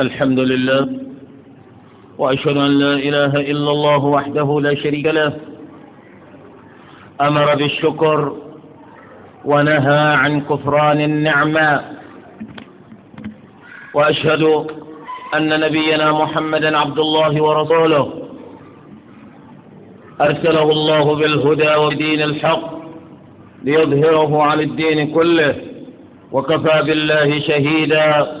الحمد لله وأشهد أن لا إله إلا الله وحده لا شريك له أمر بالشكر ونهى عن كفران النعمة وأشهد أن نبينا محمدا عبد الله ورسوله أرسله الله بالهدى ودين الحق ليظهره على الدين كله وكفى بالله شهيدا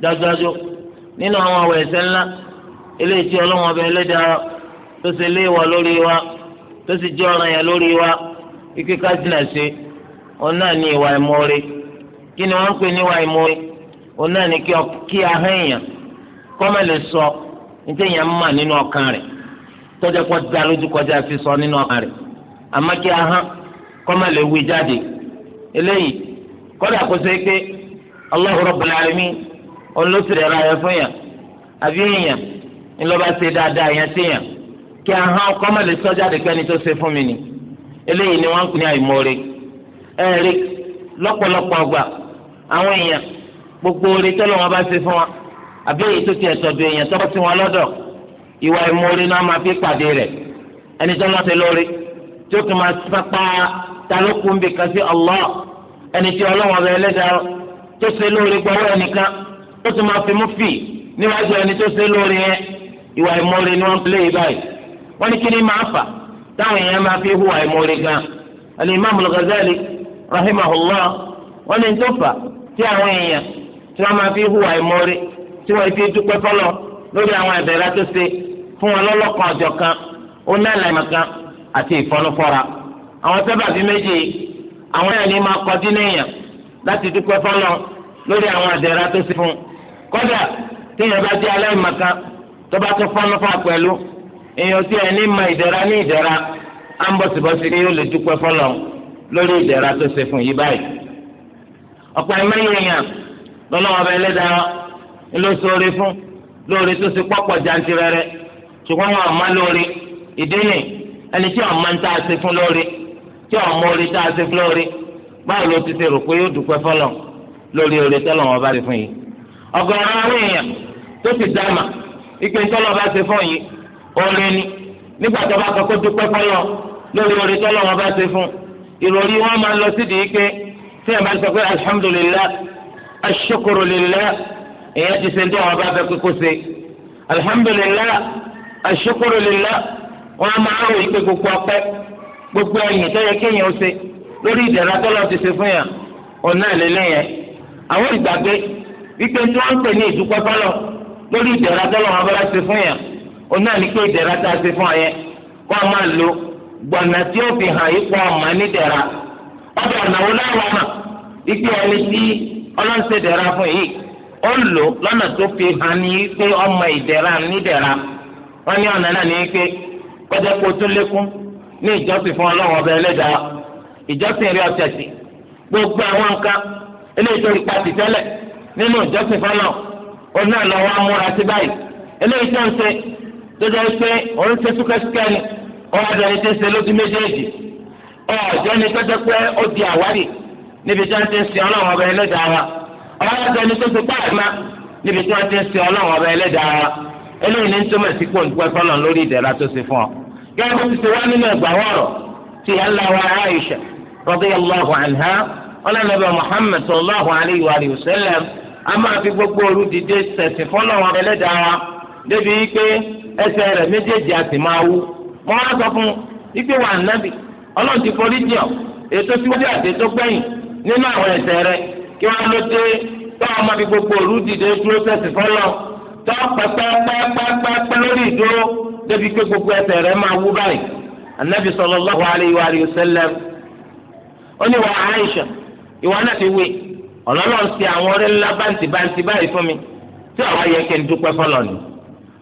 dájúdájú nínú àwọn àwọ̀ ẹ̀ṣẹ̀ ńlá eléyìí ọlọ́wọ́n ọbẹ̀ ẹlẹ́dàá tó ṣe léèwọ̀ lórí wa tó sì jẹ́ ọ̀ràn yẹn lórí wa ike ká sí òun náà ní ìwà ìmoore kí ni wọ́n ń pè ní ìwà ìmoore òun ní kí sọ èèyàn mà nínú ọkàn rẹ̀ tọ́jà pọ̀ sọ nínú ọkàn rẹ̀ àmọ́ kí ahọ́n lè wí jáde eléyìí kọ́dà ṣe pé olóṣèlú ẹ̀rọ ayẹ fún yàn àbí èèyàn ńlọba ṣe dáadáa yẹn sí yàn kí ahọ́n ọkọ má pẹ́ni tó ṣe fún mi ni eléyìí ni wọ́n ń pè ní àìmọ́re ẹ̀rí lọ́pọ̀lọpọ̀ ọgbà àwọn èèyàn gbogbo oore tọ́lọ́ wọn bá ṣe fún wa àbí èyí tó ti ẹ̀tọ́dọ̀ èèyàn tọ́ sí wọn lọ́dọ̀ ìwà àìmọ́re náà máa fi pàdé rẹ̀ ẹni tó lọ́ọ́ tí ó tún máa sápá sí ó sì máa fi mú fì níwájú ẹni tó ṣe lórí yẹn ìwà ìmọ̀ọ́rẹ́ ni wọ́n ń play báyìí wọ́n ní kí ni máa fà táwọn èèyàn máa fi hùwà ìmọ̀ọ́rẹ́ gan al-Imam al-Ghazali rahimahullah wọ́n ní tó fà tí àwọn èèyàn tí wọ́n máa fi hùwà ìmọ̀ọ́rẹ́ tí wọ́n fi dúpẹ́ fọlọ́ lórí àwọn ìbẹ̀rẹ̀ tó ṣe fún wọn lọ́lọ́kan ọ̀jọ̀ kan onílànà kan àti ìfọnufọ́ra àwọn sábàbí méjì àwọn èèyàn ní máa kọjú níyàn láti dúpẹ́ fọlọ́ lórí àwọn ìbẹ̀rẹ̀ tó ṣe fún un kódà téèyàn bá jẹ́ aláìmọ̀kan tó bá tún fọ́nú fún apẹ̀lú èèyàn tí ẹ̀ ní ma ìdẹ̀ra ní ìdẹ̀ra á ń bọ̀sibọ̀si ni yóò lè dúpẹ́ fọlọ́ lórí ìdẹ̀ra tó ṣe fún yìí báyìí. ọ̀pọ̀ ẹ̀mẹ́yìn èèyàn lọ́lọ́wọ́ bẹ ẹlẹ́dàá ló sóore fún lóore tó ṣe pọ̀pọ̀ jantirẹrẹ ṣùgbọ́n wọn àmọ́ lóore ìdí ni ẹni tí wọn máa ń tá a ṣe fún lóore tí wọn mọ oore tá a ṣe fún lóore báwo ló ti ṣe rò pé yóò dúpẹ́ fọlọ́ lórí oore tọ́lọ́wọ́n bá rí fún yìí ọ̀gọ̀rọ̀ àwọn èèyàn tó ti dáàmà ike ńtọ́lọ́ bá ṣe fún yìí oore ni nígbà tó bá kọ́ kó dúpẹ́ fọlọ́ lórí oore tọ́lọ́ wọn bá ṣe fún ìròrí wọn máa lọ sídìí ike tí ẹ̀ bá sọ pé alihamudulilayi asokorolela èyàn ti se ń dẹ́wọ̀n bá fẹ́ kókó se alihamdulilah asokorolela wọn máa rò yìí gbogbo ọpẹ́ gbogbo ẹ̀yìn tó yẹ kéèyàn ó lórí ìdẹ̀ra tọ́lọ́ ti se fún yàn ọ̀nà ìlẹ́lẹ́ àwọn ìgbàgbé wípé tí wọ́n ń pè ní ìdúpẹ́ fọlọ́ lórí ìdẹ̀ra tọ́lọ́ wọn bá ṣe fún yẹn òun náà ní pé ìdẹ̀ra tá a ṣe fún kó a máa lo gbọ̀nà tí ó fi hàn ipò ọmọ nídẹ̀ra ọbẹ̀ ọ̀nà láwọn ọmọ wípé ẹni tí ọlọ́run ṣe dẹ̀ra fún yìí ọmọ ìdẹ̀ra nídẹ̀ra ní ọ̀nà náà ní pé kọjá kó tún lékún ní ìjọsìn fún ọlọ́run ọbẹ̀ ẹlẹ́dàá ìjọsìn gbogbo àwọn nǹkan eléyìí tó rí pàtì nínú ìjọsìn fọlọ ó náà lọ wá múra sí báyìí eléyìí tó ń ṣe dọdọ pé òun ṣe súkẹsúkẹ ni ọ̀dọ̀ ẹni tó ń ṣe lójú méjèèjì ọ̀dọ̀ ẹni tó jẹ́ pé ó di àwárí níbi tí wọ́n ti ń sin ọlọ́run ọba ẹlẹ́dàá wa ọ̀dọ̀ ẹni tó ti pààrọ̀ má níbi tí wọ́n ti ń sin ọlọ́run ọba ẹlẹ́dàá wa eléyìí ní ń túmọ̀ sí pò ń dúpẹ́ lórí ìdẹ̀ra tó ṣe fún ọ. gẹ́gẹ́ bó ti ṣe wá a máa fi gbogbo òru dìde sẹ̀sìn fọ́lọ́run ẹlẹ́dàá wa débi wípé ẹsẹ̀ rẹ̀ méjèèjì àti máa wú mo máa sọ fún wípé wà nábì ọlọ́run ti forí jìn ọ́ ètò síwájú àti ètò gbẹ̀yìn nínú àwọn ẹsẹ̀ rẹ̀ kí wọ́n ló dé táwọn máa fi gbogbo òru dìde dúró sẹ̀sìn fọ́lọ́run tó pẹ́pẹ́pẹ́pẹ́pẹ́ lórí ìdúró débi pé gbogbo ẹsẹ̀ rẹ̀ máa wú báyìí anabi sallallahu alayhi wa sallam ó ní wà Aisha ìwà ọlọ́lọ́run ṣe àwọn ọ̀rẹ́ ńlá báǹtì báǹtì báyìí fún mi tí àwa yẹ kí n dúpẹ́ fọlọ́ ni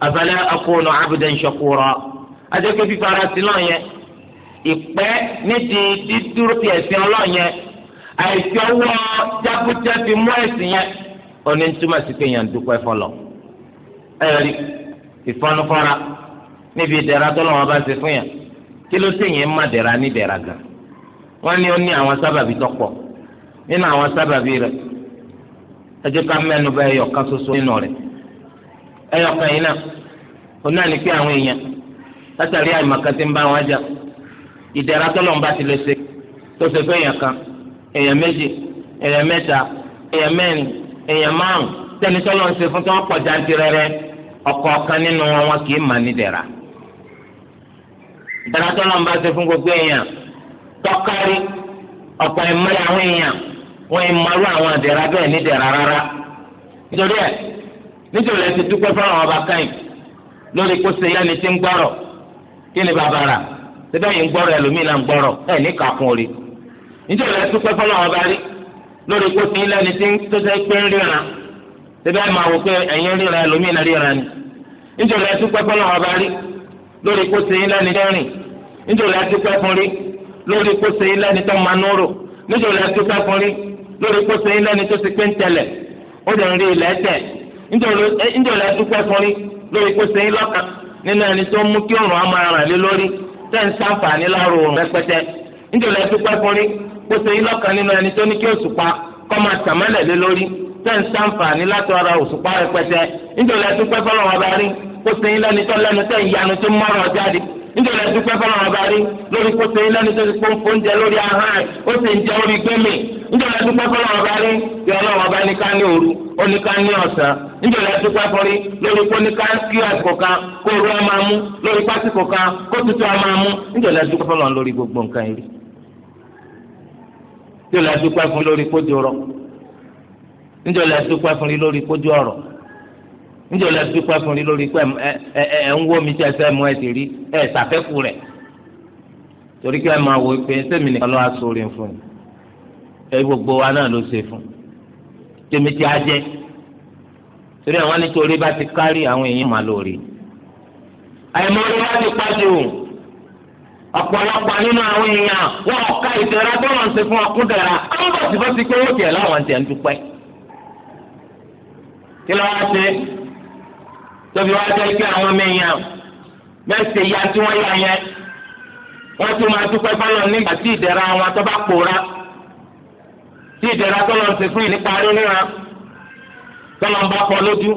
afala akunu abdan shakura adékè fífara sí náà yẹn ìpẹ́ ní ti dídúró ti ẹ̀sìn ọlọ́run yẹn àìsí ọwọ́ jákújá fi mú ẹ̀sìn yẹn oní túmọ̀ sí pé yẹn ń dúpẹ́ fọlọ́ ẹ̀rí ìfọnufọ́ra níbi ìdẹ̀ra tọ́lọ́wọ́n bá ṣe fún yẹn kí ló sì má dẹ̀ra ní dẹ̀ra gan wọ́n ní ó ní àwọn sábàbí tọ́pọ̀ nínú àwọn sábàbí rẹ̀ ẹ jẹ́ ká mẹ́nu bá nínú rẹ̀ ẹyọkan yìí náà ó náà ní pé àwọn èèyàn látàrí àìmọ̀kan ti ń bá wọn jà ìdẹ̀ra tọ́lọ́run bá ti lè ṣe tó ṣe fún èèyàn kan èèyàn méjì èèyàn mẹ́ta èèyàn mẹ́rin èèyàn márùn tẹ́ni ṣe fún pọ̀ nínú wọn wọn kì í mà ní dẹ̀ra bá ṣe fún gbogbo èèyàn tọ́kárí ọ̀pọ̀ àwọn èèyàn wọn yìí máa àwọn àdẹ̀rà bẹ́ẹ̀ ní dẹ̀rà rárá nítorí ẹ̀ nítorí ẹ̀ ti dúpẹ́ fáwọn ọba káyìn lórí kó ṣe yẹn ni ti ń gbọ́rọ̀ kí ni bàbá rà síbẹ̀ yìí ń gbọ́rọ̀ ẹlòmíì náà ń gbọ́rọ̀ ẹ̀ ní kàkún rí nítorí ẹ̀ dúpẹ́ fáwọn ọba rí lórí kó ṣe yẹn ni ti ń tó ṣe pé ń ríran síbẹ̀ máa wò pé ẹ̀yin ríran ẹlòmíì náà ríran ni nítorí ẹ̀ dúpẹ́ fáwọn ọba rí lórí kó ṣe yẹn ni dẹ́rìn nítorí ẹ̀ dúpẹ́ fún rí lórí kó ṣe yẹn ni tó máa lórí kó sẹ́yìn lẹ́ni tó ti pé ń tẹ̀lẹ̀ ó lè rí ilẹ̀ tẹ̀ ńjọ́lẹ̀ dúpẹ́ fún rí lórí kó sẹ́yìn lọ́kàn nínú ẹni tó mú kí òrùn àmọ́ ara lé lórí tẹ̀ ń sàǹfààní láàrú òrùn rẹpẹtẹ ńjọ́lẹ̀ dúpẹ́ fún rí kó sẹ́yìn lọ́kàn nínú ẹni tó ní kí òṣùpá kọ́ máa tàmẹ́lẹ̀ lé lórí tẹ̀ ń sàǹfààní látara òṣùpá rẹpẹtẹ ńjọ́lẹ̀ dúpẹ́ fọlọ́wọ́ bá rí kó sẹ́yìn lẹ́ni tó lẹ́nu tẹ̀ ń yanu tó mọ́rọ̀ jáde nítorí ẹdúpẹ́ fọlọ́n ọba rí lórí kóso yín lẹ́nu tó ti pọ́n fóúnjẹ lórí ahọ́n ẹ̀ ó sì ń jẹ́ orí gbẹ́mì níjọba dúpẹ́ fọlọ́ ọba rí kí ọlọ́run ọba ní ká ní òru ó ní ká ní ọ̀sán níjọba dúpẹ́ fọrí lórí kó ní ká kí àsìkò kan kó ru ọmọ amú lórí pásìkò kan kó tutù ọmọ amú níjọba dúpẹ́ fọlọ́ lórí gbogbo nǹkan yìí níjọba dúpẹ́ fún lórí kójú ọrọ̀ níjọba dúpẹ́ fún lórí kójú ọrọ̀ níjọba dúpẹ́ fún lórí pé ẹ ẹ ń wó mi tí ẹ sẹ́ mu ẹ sì rí ẹ sàfẹ́kù rẹ̀ torí ẹ gbogbo wa náà ló ṣe fún tèmi tí a jẹ torí àwọn nítorí bá ti kárí àwọn èèyàn máa lóore àìmọ̀ ni wọ́n ti pàdé o ọ̀pọ̀lọpọ̀ nínú àwọn èèyàn wọn ò ka ìdẹ̀ra bọ́lá ń ṣe fún ọkúndẹ̀ra àwọn bọ̀ síbọ̀ sí pé ó tiẹ̀ láwọn tiẹ̀ ń dúpẹ́ kí ló wá ṣe tóbi wá jẹ́ pé àwọn ọmọ èèyàn mẹ́sẹ̀ ya tí wọ́n yà yẹn wọ́n tún máa dúpẹ́ bọ́lá nígbà tí ìdẹ̀ra wọn tó bá pòórá. ìdẹ̀ra tó lọ sí fún yìí nípa rí níra tó lọ ń bá pọ̀ lójú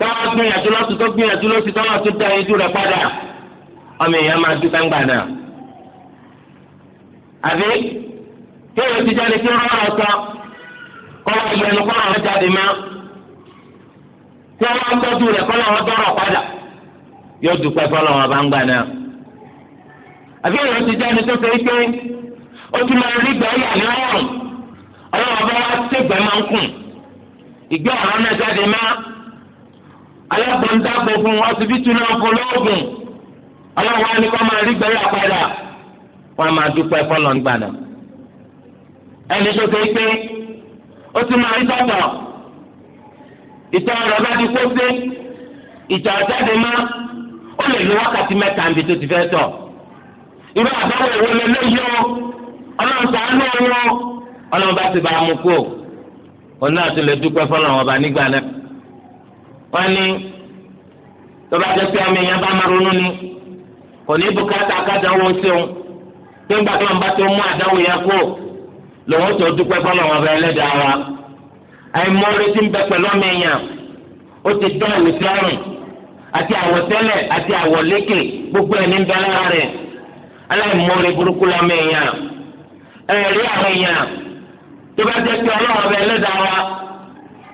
tọ́wọ́ gbìyànjú lọ́sùn tó gbìyànjú lọ́sùn tọ́wọ́ tó padà ọmọ èèyàn máa dúpẹ́ ó tún máa rí gbẹ́ yà ní ọrùn ọlọ́wọ́ bá wá ségbẹ́ máa ń kùn ìgbẹ́ ọ̀rọ̀ náà jáde má alábòǹdàgbò fún ọsibítù náà fún lóògùn ọlọ́wọ́ á ní kó máa rí gbẹ́ yà padà wọ́n máa dúpẹ́ fọlọ́ ń gbàdàn ẹni tó ṣe pé ó tún máa rí sọ̀tọ̀ ìtọ́ ọ̀rọ̀ bá ti kó sí jáde má ó lè lo wákàtí mẹ́ta níbi tó ti fẹ́ tọ̀ irú àbáwọ̀ ọlọ́run sàánú wọn ọlọ́run bá ti bá a mú kú òun náà ti lè dúpẹ́ fọlọ́run ọba nígbà náà wọ́n ní tọ́ba jẹ́ pé ọmọ èèyàn bá máa ronú ni kò ní bùkátà kádàáwó ṣeun pé ńgbà tó ń bá tó mú àdáwò yẹn kú lòun tó dúpẹ́ fọlọ́run ọba ẹlẹ́dàá wa àìmọ́rí ti ń bẹ pẹ̀lú ọmọ èèyàn ó ti dán ìwòsàn ọ̀rùn àti àwọ̀tẹ́lẹ̀ àti àwọ̀lékè gbogbo ẹ̀ ní ń bẹ lára rẹ̀ aláìmọ́rí burúkú lọ́mọ èèyàn ẹ̀rí àwọn èèyàn tó bá jẹ́ pé ọlọ́run ọba ẹlẹ́dàá wa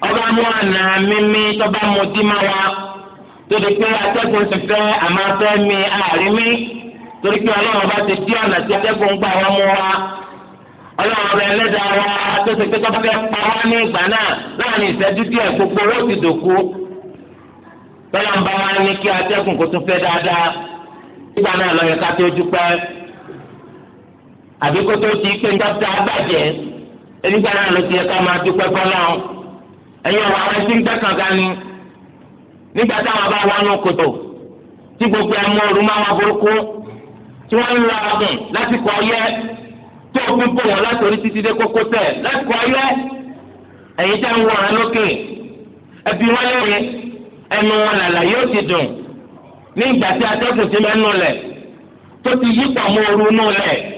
ọba mú àná mímí tó bá mu dí má wa tó di pé atẹ́gùn ti fẹ́ àmọ́ fẹ́ mi àárín mi torí pé ọlọ́run ọba ti dí ọ̀nà tí atẹ́gùn gbà wọ́n mú wa ọlọ́run ọba ẹlẹ́dàá wa tó ti pé tó bá fẹ́ pa wá ní ìgbà náà láàrin ìṣẹ́jú díẹ̀ gbogbo owó ti dòkú tọ́lá ń bá wa ní kí atẹ́gùn kó tún fẹ́ dáadáa ìgbà náà lọ́yẹ̀ká tó dúpẹ́ àbí kó tó ti pé dọ́kítà àgbàjẹ́ nígbà náà ló ti yẹ ká máa dúpẹ́ fọlọ́ ẹ̀yin ọ̀rọ̀ àwọn ẹtí ń tẹ̀sán gan ni nígbà táwọn bá wà nù kòtò tí gbogbo ẹ̀mú ooru máa wà burúkú tí wọ́n ń lọ ọ̀gùn lásìkò ọyẹ́ tó fi bò wọ́n látòrí títí dé kókó tẹ̀ lásìkò ọyẹ́ ẹ̀yin tẹ́ ń wọ̀ ọ́n lókè ẹbí wọn lóore ẹnu wọn làlà yóò ti dùn ní ìgbà tí atẹ́kùn ti mẹ́nu lẹ̀ tó ti yípọ̀ mọ́ ooru nù lẹ̀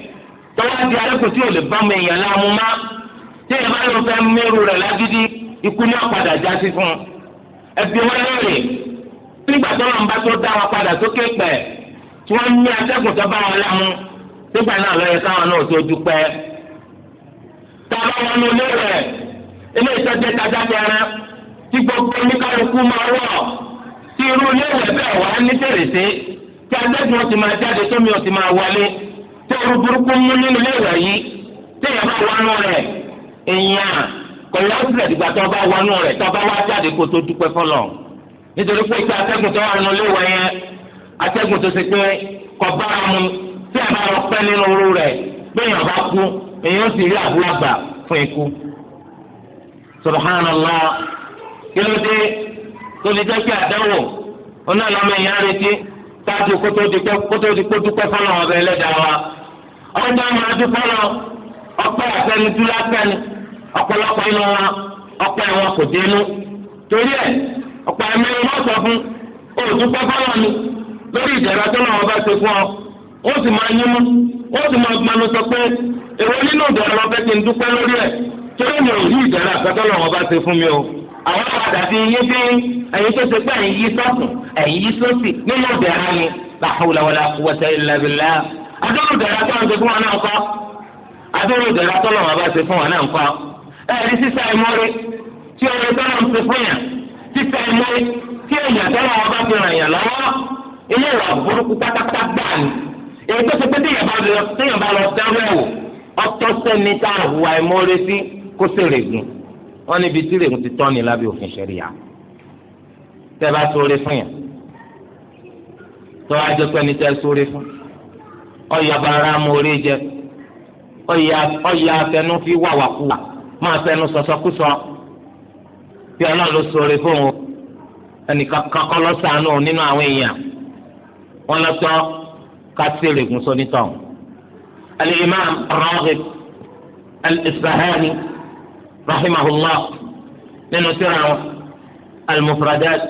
tọ́wọ́ di alẹ́kùn tí ò lè bá ọmọ èèyàn láàmú má tí èèyàn bá lọ fẹ́ mẹ́rù rẹ̀ lágídí ikú ní ọ̀padà já sí fún un. ẹbí wọn lóore nígbà tó wọn bá tó dá wọn padà sókè pẹ̀ tí wọ́n ní atẹ́kùn tó bá wọn láàmú nígbà náà lọ́yẹ káwọn náà tó dúpẹ́. tàbá wọn ló lé rẹ̀ ilé ìtọ́jú ìtajà tẹ̀rẹ̀ tí gbogbo oníkálukú máa wọ̀ tí irú ilé ìwẹ̀ bẹ́ẹ̀ wà ní fèrèsé tí atẹ́kùn ti máa jáde tómi ò tí ọrùn burúkú mú nínú ilé ìwẹ̀ yìí tí èèyàn bá wọnú rẹ̀ èèyàn pẹ̀lú ọ́sílẹ̀ ìgbà tó bá wọnú rẹ̀ tó bá wá jáde kó tó dúpẹ́ fọlọ́ nítorí pé ìta atẹ́gùn tó wà nínú ilé ìwẹ̀ yẹn atẹ́gùn tó ṣe pé kò bára mu tí a bá lọ pẹ́ nínú ooru rẹ̀ bí èèyàn bá kú èèyàn sì rí àbúrò àgbà fún ikú. subhanallah kí ló dé tó lè jẹ́ pé àdáwò ó náà lọ́mọ èèyàn retí tájú kótó di kó dúpẹ́ fọlọ́ ọbẹ̀ wa ọjọ́ máa dúpẹ́ lọ ọpẹ́ àtẹnudú látẹnu ọ̀pọ̀lọpọ̀ inú wa ọpẹ́ wọn kò dénú torí ẹ̀ ọ̀pọ̀ ẹ̀mí wọn sọ fún olùdúpẹ́ fọlọ́ ni lórí ìjẹ̀rọ tó bá ṣe fún ọ ó sì máa yín mú ó sì máa sọ pé èrò nínú ìjẹ̀rọ lọ́fẹ́ ti ń dúpẹ́ lórí ẹ̀ torí mi ò rí ìjẹ̀rọ àwọn padà fi yín bí ẹ̀yin tó ṣe pé ẹ̀yin yí sọ́kùn ẹ̀yin yí sọ́sì nínú ìdẹ̀ra ni la hawla wala quwwata illa billah adúrú ìdẹ̀ra tó ń ṣe fún wa náà kọ́ adúrú ìdẹ̀ra tó lọ́wọ́ bá ṣe fún wa náà kọ́ ẹ̀rí sísá ìmọ́rí tí ọ̀rẹ́ tó lọ́wọ́ ṣe fún yàn sísá ìmọ́rí tí èèyàn tó lọ́wọ́ bá fi ràn yàn lọ́wọ́ ilé ìwà wọ́n níbi tí rèé ti tọ́ ni lábẹ́ òfin ṣẹ̀ríya tẹ́ bá sóore fún yàn tọ́ ajọ́ pé ẹni tẹ́ sóore fún ọ̀yà bàrà amóore jẹ ọ̀yà afẹnú fi wàwàkuwà máa fẹnu sọsọkúsọ bí ọlọ́run ló sóore fún o ẹnìkan kọ́ lọ́sàánú nínú àwọn èèyàn wọn lọ tọ́ ká sí rèé gùn sónítọ̀ al-Imam Raghib al-Isfahani. رحمه الله nínú tírà wọn almufradat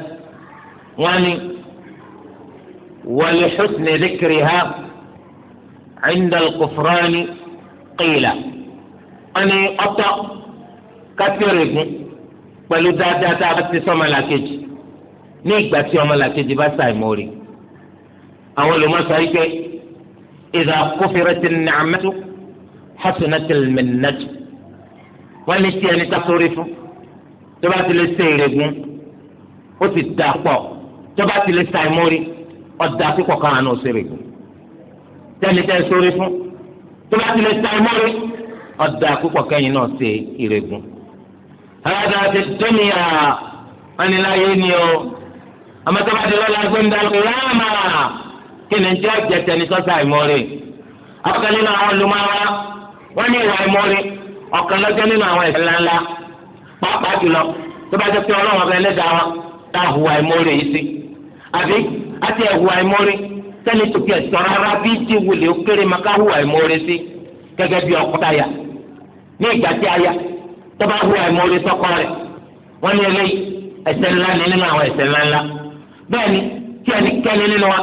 wọn ni ولحسن ذكرها عند الكفران قيل wọn ni ọ̀tọ̀ kátìrìgún pẹ̀lú dáadáa tá a bá ti sọmọlàkejì ní ìgbà tí ọmọlàkejì bá ṣàìmọ̀ọ́rì àwọn olùmọ̀sá yìí pé إذا كفرت النعمة حسنت المنة wọ́n lè ti ẹni tá sórí fún tó bá ti lè ṣe ìrègùn ó ti dà pọ̀ tó bá ti lè sa ìmórí ọ̀dà púpọ̀ kan àná ṣe ìrègùn tẹ́ni tẹ́ sórí fún tó bá ti lè sa ìmórí ọ̀dà púpọ̀ kẹ́yìn náà ṣe ìrègùn. àyàdá ti tó à ánìláyé ni o amátọ́bàdé lọ́la gbẹ́ndà kìláàmà kí ni jẹ́ jẹ́ tẹ́ni tọ́sà ìmórí. akọ́kọ́ nínú àwọn wọ́n ní ìwà ìmórí ọ̀kan lọ́jọ́ nínú àwọn ẹ̀ṣẹ̀ ńláńlá pàápàá jùlọ tó bá jẹ́ pé ọlọ́run ọba ẹlẹ́dàá wa tá a hùwà ìmọ̀ọ́rè yìí sí àbí àti ẹ̀hùwà ìmọ̀ọ́rè sẹ́ni tòkì ẹ̀sọ́ rárá bí ti wùlé ó kéré máa ká hùwà ìmọ̀ọ́rè sí gẹ́gẹ́ bí ọkọ táyà ní ìgbà tí aya tó bá hùwà ìmọ̀ọ́rè sọ́kọ rẹ̀ wọ́n ní eléyìí ẹ̀ṣẹ̀ ńlá ni nínú àwọn ẹ̀ṣẹ̀ ńláńlá bẹ́ẹ̀ ni kí ẹnikẹ́ni nínú wa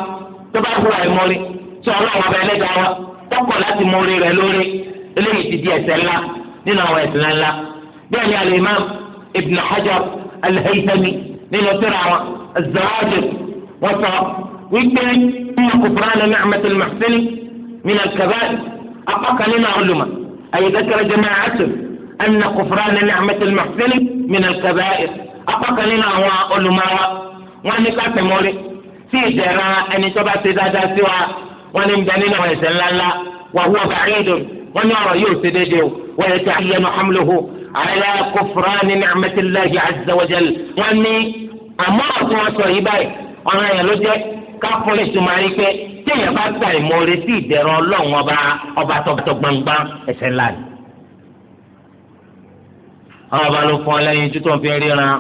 tó bá hùwà ìmọ̀ọ́rè tí ọlọ́run ọba ẹlẹ́dàá wa tọkọ̀ láti mọ̀ọ́rè rẹ̀ lórí eléyìí ti di ẹ̀ṣẹ̀ ńlá nínú àwọn ẹ̀sìn ńlá bẹ́ẹ̀ ni al-imam ibn hajar al-haythami nínú tírà àwọn az-zawajir wọ́n sọ wípé nínú kufrana ni'mat al-muhsin min al-kaba'ir apákan nínú àwọn olùmọ̀ ay dhakara jama'atun anna kufrana ni'mat al-muhsin min al-kaba'ir apákan nínú àwọn olùmọ̀ wa wọ́n ní ká tẹ̀mọ́lé sí ìdẹ̀ra ẹni tó bá ṣe dáadáa sí wa wọ́n ní ń bẹ nínú ẹ̀ṣẹ̀ ńláńlá wa huwa ba'idun wọ́n ní ọ̀rọ̀ yóò ṣe déédéé o ويتعين حمله على كفران نعمة الله عز وجل يعني أمرت وصيبي أنا يلوجك káfọ́lé sùnmọ́ ayé pé téèyàn bá ta ìmọ̀ retí ìdẹ̀rùn ọlọ́run ọba ọba tọ́gbàtọ́ gbangba ẹsẹ̀ ńlá ni. àwọn ọba ló fún ọ lẹ́yìn títún fi ríran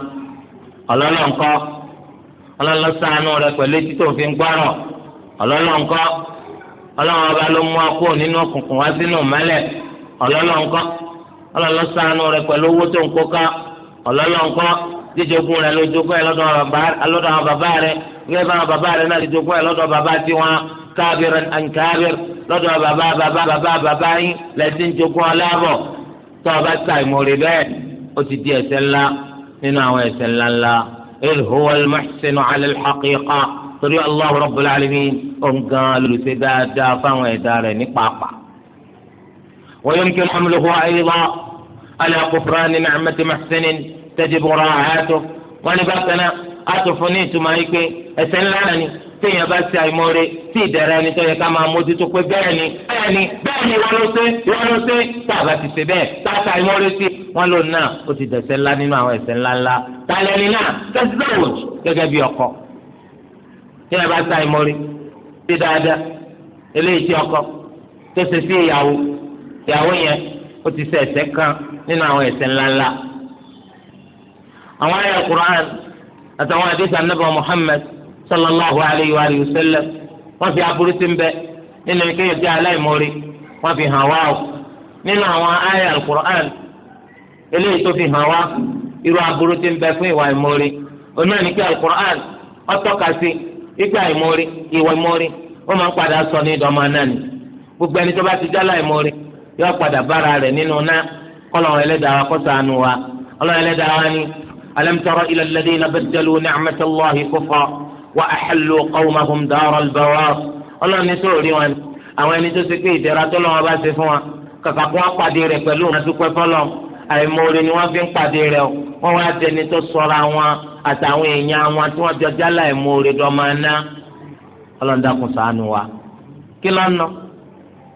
ọlọ́lọ́nkọ́ ọlọ́lọ́sàánú rẹ pẹ̀lú títún fi ń gbárùn ọlọ́lọ́nkọ́ ọlọ́run ọba ló mú ọkọ nínú òkùnkùn wá sínú mọ́lẹ̀ ọlọ́lọ́nkọ́ ọlọ́lọ́sànù rẹ pẹ̀lú owó tó ń kó ká ọlọ́lọ́nkọ́ jíjogún rẹ ló jogún ẹ lọ́dọ̀ àwọn bàbá rẹ gẹ́gẹ́ bá àwọn bàbá rẹ náà jíjogún ẹ lọ́dọ̀ bàbá tiwọn kábìrì ànkábìrì lọ́dọ̀ bàbá bàbá bàbá bàbá yín lẹ́sìn jogún ọlọ́bọ̀ tó o bá ta ìmọ̀rẹ́ bẹ́ẹ̀ ó ti di ẹ̀ṣẹ̀ ńlá nínú àwọn ẹ̀ṣẹ̀ ńlá ńlá ilhuwal muhsinu ala alhaqiqa torí allah rabbil alamin ó ń gan lulùsẹ̀ dáadáa fáwọn ẹ̀dá rẹ̀ ní pàápàá. ويمكن حمله أيضا على كفران نعمة محسن تجب مراعاته ونبقنا أتفنيت ما يكي أسلاني téèyàn bá ṣe àìmọ́re tí ìdẹ̀ra ẹni tó yẹ ká máa mójútó pé bẹ́ẹ̀ ni bẹ́ẹ̀ ni bẹ́ẹ̀ ni wọ́n ló ṣe wọ́n ló ṣe tá a bá ti ṣe bẹ́ẹ̀ tá a ṣe àìmọ́re sí wọ́n lò náà ó ti dẹ̀ṣẹ̀ ńlá nínú àwọn ẹ̀ṣẹ̀ ńlá ńlá tàlẹ́ni náà tẹ́sílẹ̀wòj gẹ́gẹ́ bí ọkọ téèyàn bá ṣe àìmọ́re ṣe dáadáa eléyìí tí ọkọ tó ṣe sí ìyàwó ìyàwó yẹn ó ti ṣe ẹsẹ kan nínú àwọn ẹsẹ ńláńlá àwọn ayé Qur'an àtàwọn àdéhùn anábà Muhammad sallallahu alayhi wa sallam fi aburú ti ń bẹ nínú ìkéyìí tí aláìmọ́rí wọ́n fi hàn wá o nínú àwọn ayé Qur'an eléyìí tó fi hàn wá irú aburú ń bẹ fún ìwà sí ìgbà ìwà máa ń padà sọ ní yóò padà bára rẹ̀ nínú ná kọ́lọ́run ẹlẹ́dàá wa kó ṣàánú wa ọlọ́run ẹlẹ́dàá wa ni alam tara ila alladhina baddalu ni'mata Allahi kufra wa ahallu qawmahum dara al-bawar ọlọ́run ní sọ̀rọ̀ rí wọn ni àwọn ẹni tó ṣe pé ìdẹ̀ra tó lọ́wọ́ bá ṣe fún wa kàkà kó wọn pàdé pẹ̀lú ìrìnàdúpẹ́ fọlọ́ọ̀ àìmọ̀ọ́rẹ́ ni wọ́n fi ń pàdé rẹ̀ wọ́n wá dẹni tó sọ̀rọ̀ àwọn àtàwọn èèyàn wọn tí wọ́n jọjá láìmọ̀ọ́rẹ́ dọ́ máa ná ọlọ́run dákun wa kí lọ́nà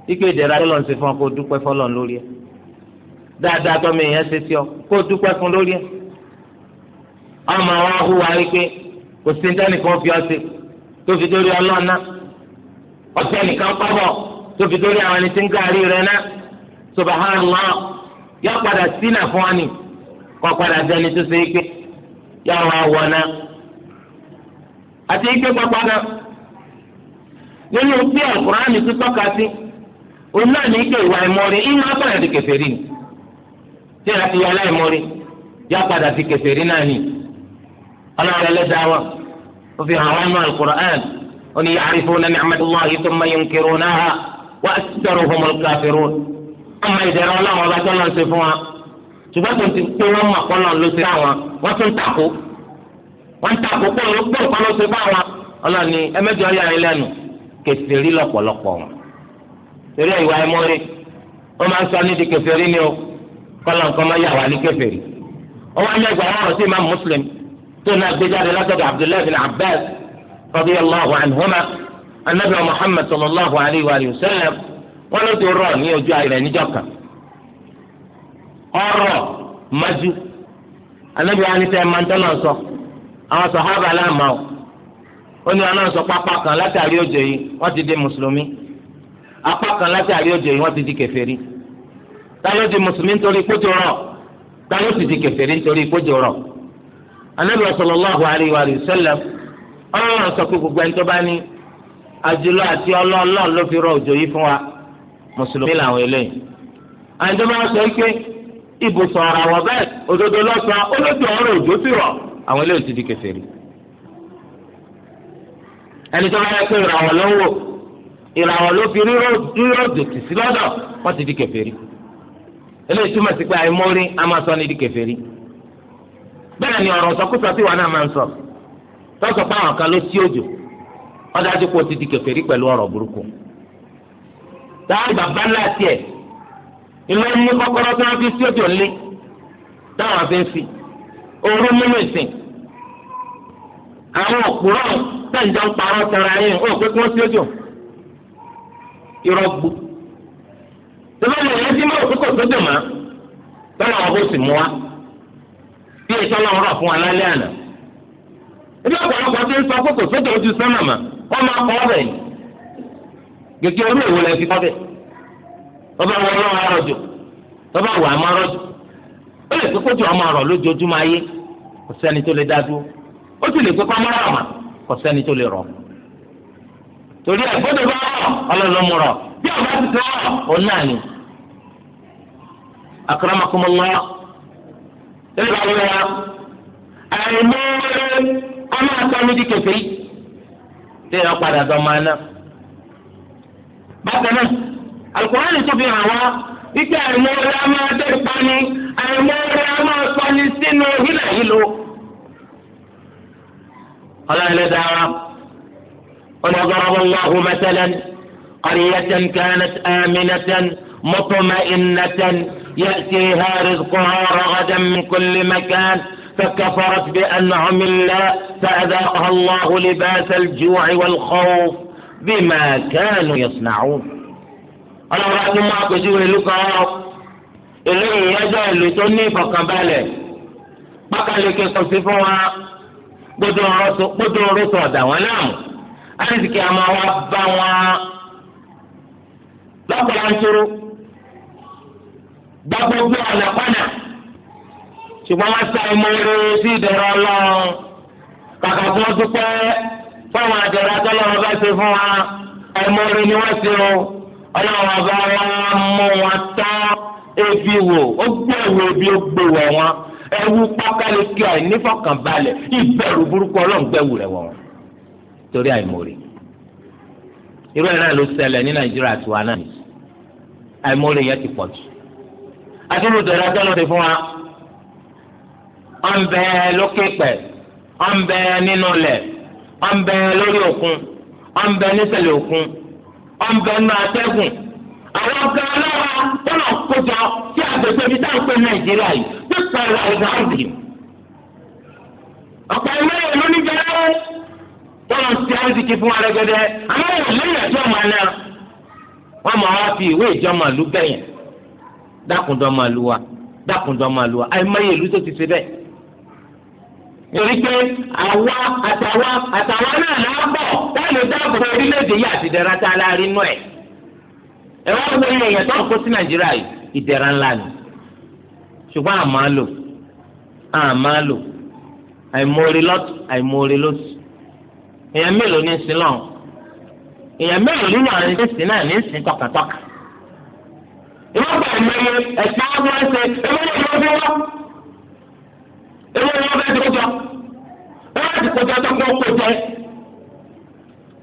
ike ìdẹ̀ra tó lọ sí fún ọ kó dúpẹ́ fọlọ́n lórí ẹ dáadáa tọ́mọ èèyàn ṣe sí ọ kó dúpẹ́ fún lórí ẹ ọmọ wa hùwà wípé kò sí nítẹ́nìkan fi ọ sí tó fi dórí ọlọ́ọ̀ná ọ̀sẹ̀ nìkan pọ́bọ̀ tó fi dórí àwọn ẹni tí ń gàrí rẹ náà subhanallah yọ padà sínà fún ọ ni kọ́ padà dẹni tó ṣe ike yọ wá wọ náà àti ike pápá náà nínú bí ọ̀kùnrin àmì tó tọ́ka sí. òun naanị ike ìwà ìmọ̀ọ́rẹ́ ìmọ̀ apàdà ti kèfèrí ni tí a ti yọ aláìmọ̀ọ́rẹ́ yọ apàdà ti kèfèrí náà ni ọlọ́run ẹlẹ́dàá wa ó fi hàn wọ́n mọ́ alukur'an ó ní ya'rifuna ni'matallahi thumma yunkirunaha wa aktharuhumul kafirun ọmọ ìdẹ̀rẹ̀ ọlọ́run ọba tó lọ́n ṣe fún wa ṣùgbọ́n tó ti pé wọ́n mọ̀ kọ́ lọ́n wọ́n tún tako wọ́n tako pé òun kọ́ ọlọ́run yà torí ìwà ẹ̀ mọ́rí wọ́n máa ń sọ ní di ni o kọ́lọ̀ nǹkan máa yà wá ní kèfèrí. wọ́n wá ní ẹgbàá ọ̀rọ̀ imam muslim tó náà gbé jáde látọ̀dọ̀ abdullahi bin abbas radiyallahu anhuma anabi muhammad sallallahu alayhi wa sallam wọ́n ló ti rọ̀ ní ojú ayẹyẹ níjọ́ kan. ọ̀rọ̀ maju anabi wa ni máa ń tọ́lọ̀ sọ àwọn sọ̀hábà láàmà ó ní ọlọ́run sọ pápá kan látàrí òjò yìí wọ́n ti di mùsùlùmí. apá kan látàrí òjò yìí wọ́n ti di kèfèrí ta ló di mùsùlùmí nítorí kójú rọ̀ ta ló sì di kèfèrí nítorí kójú rọ̀ anabi sallallahu alayhi wa sallam ọlọ́run sọ pé gbogbo ẹni tó bá ní àjùlọ àti ọlọ́ọ̀lọ́ọ̀ ló fi rọ̀ òjò yìí fún wa mùsùlùmí làwọn eléyìí àjọ máa sọ pé ibùsọ̀ ọ̀rọ̀ àwọ̀ bẹ́ẹ̀ òdodo lọ́sàn-án olódò ọ̀rọ̀ òjò sì rọ̀ àwọn eléyìí ti di kèfèrí ẹni tó bá yẹ kó ìràwọ̀ ìràwọ̀ ló fi ríròdò tì sí lọ́dọ̀ wọ́n ti di kèfèrí eléyìí túmọ̀ sí pé àìmọ́rí a máa sọ ní di bẹ́ẹ̀ ni ọ̀rọ̀ sọkúsọ tí wọn náà máa ń sọ tọ́sọ̀ pé kan ló sí òjò wọ́n dájú pé ti di pẹ̀lú ọ̀rọ̀ burúkú. táwọn bàbá ńlá kọ́kọ́rọ́ tí wọ́n fi sí òjò táwọn fi ìsìn àwọn irọgbu gbu tọ́lá ní ẹ̀yẹ́ tí mo rò kókò sódò mọ́ tọ́lá wọn sì mú wa bí ètò ọlọ́run rọ̀ fún wa lálẹ́ àná ebi ọ̀pọ̀lọpọ̀ tó sọ sódò ojú sánmà mà wọ́n máa kọ́ ọ̀bẹ̀ yìí gègé èwo fi kọ́bẹ̀ tọ́ba wọ ọlọ́run tọ́ba wọ àmọ́ ó lè ọ̀rọ̀ lójoojúmọ́ ayé kò sẹ́ni tó dá dúró ó torí ẹ̀ gbọ́dọ̀ bá rọ̀ ọlọ́lọ́mọ̀rọ̀ bí ọba ti tẹ̀ rọ̀ òun náà ni. akramakumullah ìlú àwọn ẹ̀rọ àìmọ́ ọmọ àtọ́ni di kẹfẹ́ yìí tí ìyá padà dọ̀ máa ná. bákan náà alukóhánì tó fi hàn wá ike àìmọ́ ọ̀rẹ́ a máa dé ìpani àìmọ́ ọ̀rẹ́ a máa sọ ní sínú hílàhílo. ọlọ́run lè dára. وضرب الله مثلا قرية كانت آمنة مطمئنة يأتيها رزقها رغدا من كل مكان فكفرت بأنعم الله فأذاقها الله لباس الجوع والخوف بما كانوا يصنعون أنا رأيت ما máa لك إلي kan لتني ìlú بقى ìlú tó بدون رسو بدون رسو àrísìkí a máa wá bá wọn lọ́pọ̀ lantoro gba gbogbo ọ̀nà kọ́nà ṣùgbọ́n wọ́n sá ìmọ̀ọ́rẹ́ sí ìdẹ̀rọ̀ ọlọ́run kàkà fún ọdún pẹ́ fáwọn àjọyọ̀ àtọ́lọ́run bá ṣe fún wa ẹmọrin ni wọn ti o ọlọ́run ọba wa mú wọn tán ebi wò ó gbé ẹwọ ebi ó gbé wọ wọn ẹwú pákáleke àìnífọ̀kànbalẹ̀ ìbẹ̀rù burúkú ọlọ́run gbẹwù rẹ wọ torí àìmọ̀rì irú ẹ̀ náà ló ṣẹlẹ̀ ní nàìjíríà tiwa náà àìmọ̀rì yẹn ti pọ̀ jù àdúró dọ̀rọ̀ dọ́lọ́ ti fún wa ọ̀nbẹ lókè pẹ̀ ọ̀nbẹ nínú lẹ̀ ọ̀nbẹ lórí òkun ọ̀nbẹ nísàlẹ̀ òkun ọ̀nbẹ nínú atẹ́gùn àwọn ọ̀gá ọlọ́wà tọ́lọ̀ kójọ sí àgbègbè ibi táwọn pé nàìjíríà yìí tó sọ̀rọ̀ ìgbà ọ̀gbìn ọ̀pọ̀ ìmọ̀ ìlú níjẹ́ lọ́wọ́. tọ́lọ̀ ń ṣe àrísìkí fún wa rẹ́gẹ́dẹ́ na. ìlẹ́yìn ẹ̀jọ́ máa ná wọ́n máa wá fi ìwé ìjọ màlú bẹ̀yẹn dákùndọ́ màlú wa dákùndọ́ màlú wa àìmọye ìlú tó ti ṣe bẹ́ẹ̀. torí pé àwa àtàwa àtàwa náà lábọ̀ wọ́n lè dáàbò bo orílẹ̀-èdè yìí àti ìdẹ̀ra tá a la rí inú ẹ̀. ẹ wá wọ ilé èèyàn tó èèyàn mélòó ní sin lọ́n èèyàn mélòó nínú àwọn ẹni sin náà ní sin tọkàntọkà ìwọ́pọ̀ ìmọ̀ye ẹ̀sìn àwọn ẹ̀sìn ìmọ̀ye ìwọ́pọ̀ wọn ìwọ́pọ̀ wọn bẹ́ẹ̀ ti kó jọ bẹ́ẹ̀ ti kó jọ tó kó kó jẹ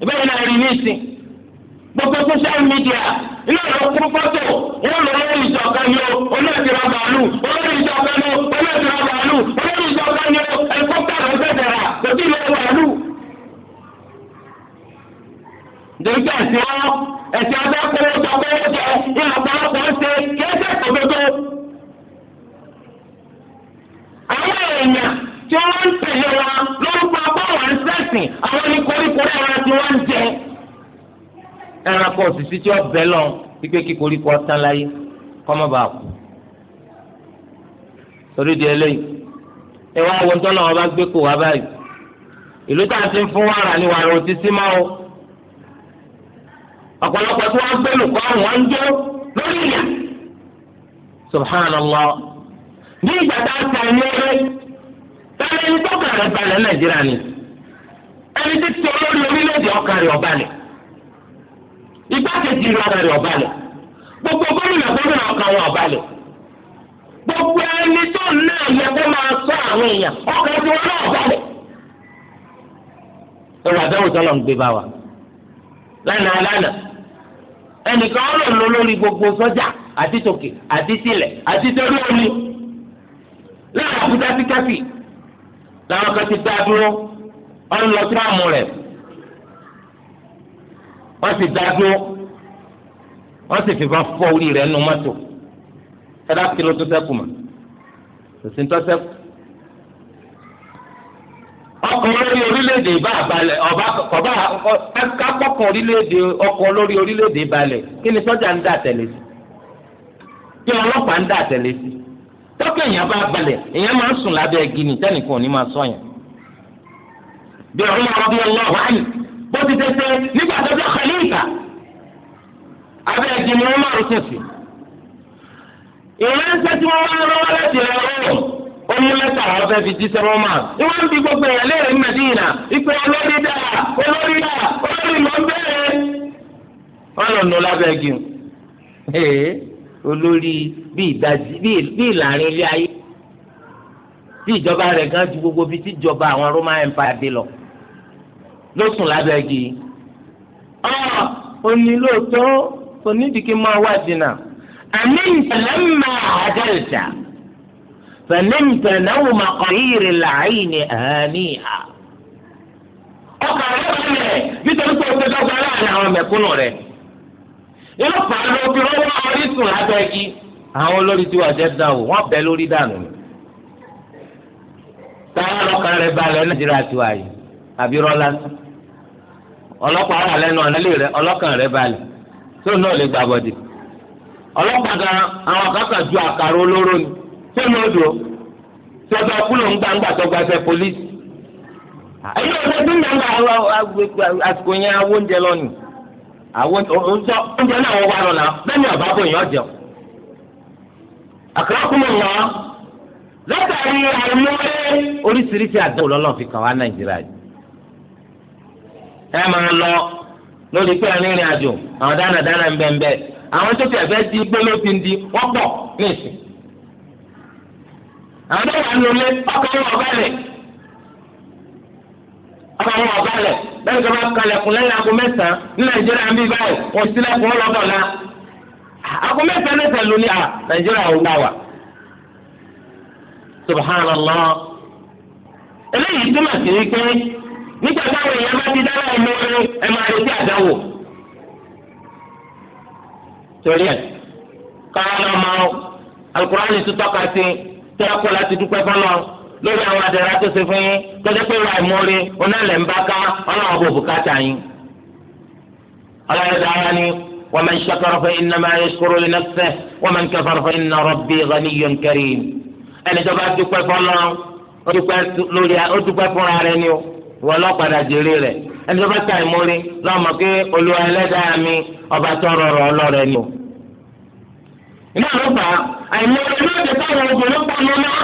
ìbẹ́ẹ̀ náà rí ní sin gbogbo social media ilé ìlú kúrú fọ́tò wọn lọ lórí ìṣọ̀kan ni o olóòtú ra bàálù olórí ìṣọ̀kan ni o olóòtú ra bàálù olórí ìṣọ̀kan ni o ẹ̀kọ́ kàrọ̀ ọ̀sẹ̀ dẹ̀ra kò tí ì lọ bàálù nítorí ẹ̀sìn ọ́ ẹ̀sìn ọjọ́ kọ́wọ́ jọ kọ́wọ́ jẹ ní ọ̀pọ̀lọpọ̀ ṣe kéṣe òdodo. àwọn èèyàn tí wọ́n ń tẹ̀lé wa lórúkọ bọ́ọ̀lù ń sẹ̀sìn àwọn ní koríko ẹran tí wọ́n ń jẹ. ẹranko òṣìṣẹ́ tí ó bẹ́ lọ wípé kí koríko ọ̀tán láyé kọ́ mọ́ bàa kú. torí di eléyìí ẹ wá wo ń tọ́lọ́ wọn bá gbé kó wá báyìí ìlú tá a ti ń fún wàrà ni wàrà òtítí máa wọ. ọ̀pọ̀lọpọ̀ tí wọ́n ń kọ́ wọ́n ń jó lórí ìyà. subhanallah ní ìgbà tá a ta ẹni ọrẹ tẹ́lẹ̀ ń tọ́ka rẹ̀ balẹ̀ nàìjíríà ni ẹni tí tí olórí orílẹ̀-èdè igbákejì gbogbo gómìnà gómìnà wọn gbogbo ẹni tó máa sọ àwọn èèyàn tí wọn náà ẹnìkan ọ̀rọ̀ lọ lórí gbogbo sọ́jà àti tòkè àti tilẹ̀ àti tẹ́lú omi láàrin àbújá sí kẹ́fì làwọn kan ti dá dúró wọ́n lọ tíráàmù rẹ̀ wọ́n sì dá dúró wọ́n sì fìbọn fọ́ orí rẹ̀ nù mọ́tò ẹ̀dá kìlọ̀ tó sẹ́kù mọ́ tòsí sẹ́kù ọkọ̀ lórí orílẹ̀-èdè bá balẹ̀ ọba kọba kápọ̀kọ̀ orílẹ̀-èdè ọkọ̀ lórí orílẹ̀-èdè balẹ̀ kí ni sọ́jà ń dà tẹ̀lé sí kí ọlọ́pàá ń dà tẹ̀lé sí tọ́kẹ́ èèyàn bá balẹ̀ èèyàn máa ń sùn lábẹ́ igi ní tẹ́nìkan ò ní máa sọ̀yàn. bí ọ̀rọ̀ máa bí ọlọ́wọ́ àyè bó ti tẹ́tẹ́ nígbà tó dé kàlíìkà abẹ́ igi ni wọ́n máa ń sùn ìránṣẹ́ tí wọ́n wá lọ́wọ́ ó mú lẹ́tà wọn fẹ́ fi jíṣẹ́ wọn máa ní wọ́n ń bi gbogbo èèyàn léèrè ní Mẹ́dínà ìpè olórí dà olórí dà olórí ló ń bẹ̀rẹ̀. wọ́n lọ nù lábẹ́ gíun ee olórí bí ìdajì bí ìlànà ilé ayé tí ìjọba rẹ̀ gan ju gbogbo bíi tíjọba àwọn Roman Empire dé lọ ló sùn lábẹ́ gíun. ó ní lóòótọ́ kò máa wá dínà àmì ìtẹ̀lẹ́mà àjẹ́ ìjà. فنمت نوم قرير العين هانئا ọkà rẹ nítorí pé o ti dọ́gba láàrin àwọn mẹ̀kúnnù rẹ̀ inú fàá ló fi rọ́wọ́ orísun lábẹ́ igi àwọn olórí tí wà jẹ́ dáwò wọ́n bẹ lórí dànù táwọn ọkàn rẹ balẹ̀ nàìjíríà ti wà yìí àbí rọ́lá rẹ ọlọ́kàn rẹ balẹ̀ tó náà lè àwọn ju àkàrà olóró ni. sẹ́nu odò sọ́tọ̀ kúlò ń gbangba polisi. ayé ọ̀sẹ̀ tí ń gbà ń gbà àsìkò yẹn awó oúnjẹ lọ́nù àwọn oúnjẹ oúnjẹ náà wọ́n wá lọ náà lẹ́nu ọ̀bá bò yẹn ọ̀jẹ̀. àkàràkùnmọ̀ wọn látàrí àìmọ́lé oríṣiríṣi àdéhùn lọ́lọ́ọ̀ fi kàn wá nàìjíríà ẹ máa lọ lórí pé àwọn ń àwọn tó tẹ̀ fẹ́ di di wọ́pọ̀ ní àwọn náà wà nílé ọkọ̀ wọn ọ̀gá lẹ̀ ọkọ̀ wọn ọ̀gá lẹ̀ lẹ́yìn tó bá kalẹ̀kùn lẹ́yìn aago mẹ́sàn-án ní nàìjíríà ń bí báyìí wọ́n aago án nàìjíríà ò gbà subhanallah eléyìí túmọ̀ sí nígbà táwọn èèyàn bá ti ẹ̀ ẹ̀ máa retí àdáwò. torí ẹ̀ káwọn ọmọ alukóra tẹ́lá kọ́ láti dúpẹ́ fọlọ́ lórí àwọn àdàrà tó ṣe fún yín tọ́jú pé wà ìmúre onílẹ̀ ń bá ká ọlọ́run bò bùkátà yín. ọlọ́run dára ni wọ́n máa ń ṣàkọrọ̀ fún iná máa ń ṣòro lè nẹ́fẹ̀ wọ́n máa ń kẹfọ́rọ̀ fún iná rọ̀bì ìgbàníyàn kẹrì. ẹni tó bá dúpẹ́ fọlọ́ ó dúpẹ́ fúnra rẹ̀ ni ó wọ́n lọ́padà jèrè rẹ̀ ẹni tó bá ta ìmúre lọ́mọ àìmọye ní ọjọ́ káwọn obìnrin pọ̀ nínú náà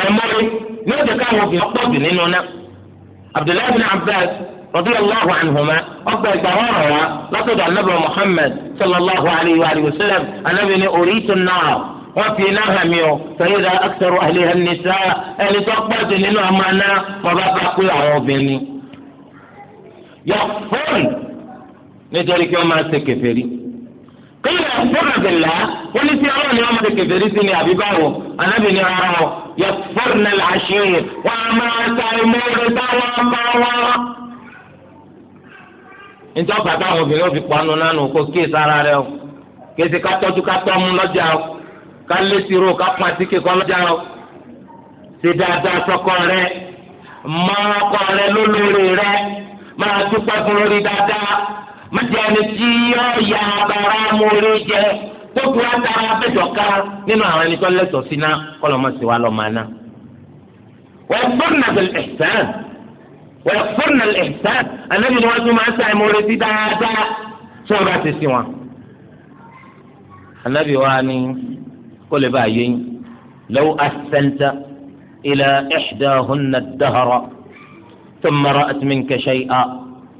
àìmọye ní ọjọ́ káwọn obìnrin pọ̀ jù nínú náà abdullahi bin abbas radiyallahu anhuma ọgbà ìgbà ọ̀rọ̀ wa látọ̀dọ̀ anabi muhammad sallallahu alayhi wa sallam anabi ni oríṣi náà wọ́n fi iná hàn mí o sẹ́yìn dá akitẹ́rù àlehà nìṣá ẹni tó pọ̀ jù nínú ọmọ náà wọ́n bá bá àwọn obìnrin yọ fún nítorí kí wọ́n máa ṣe kèfèrí. ilẹ̀ fúnabìlà polisi ọlọ́run ni wọ́n sí ni àbí ni yẹ máa ta táwọn àwọn obìnrin ò fi pọnú kó kí rẹ o ká tọ́jú ká tọ́ mú lọ́jà o ká lé sírò ká pọn lọ́jà o ṣe dáadáa rẹ rẹ lólórí rẹ máa fún lórí dáadáa. mọ̀tẹ́ ẹni tí yọ ya bàrà mórí jẹ kókò àtàrà abẹ́jọ̀ká nínú àwọn ẹni tó lẹ́tọ̀ọ́ sí ná kọ́lọ́mọ́sí wa lọ́ọ́ ti sí wọn. anábì wa ni kó lè bá yé lọ́wọ́ asẹ́ńtà ilẹ̀ ẹ̀ṣdá hunna dahara tó mara àtúmìnkẹ́ ṣe é a.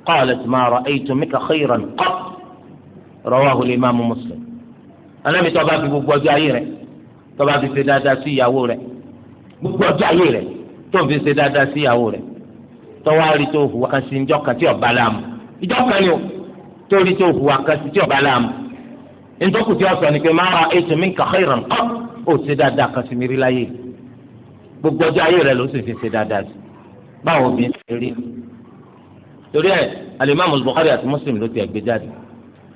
قالت ما رأيت منك خيرا قط رواه الإمام مسلم أنا متوبة في بوبو جايرة توبة في سدادة سي ياورة بوبو جايرة توبة في سدادة سي ياورة tọwárí tó hùwà kan sí ìjọ kan tí ọba láàmú ìjọ kan ni o torí tó hùwà kan sí tí ọba láàmú ntọ́kù tí ọ̀sán ni pé máa ra ètò mi kà khairan kọ́ ó ṣe dáadáa kan sí mi rí láyé gbogbo ọjọ́ ayé rẹ̀ ló sì fi ṣe dáadáa sí báwo bí ń ṣe rí torí ẹ alimami Bukhari àti Muslim ló ti ẹgbẹ jáde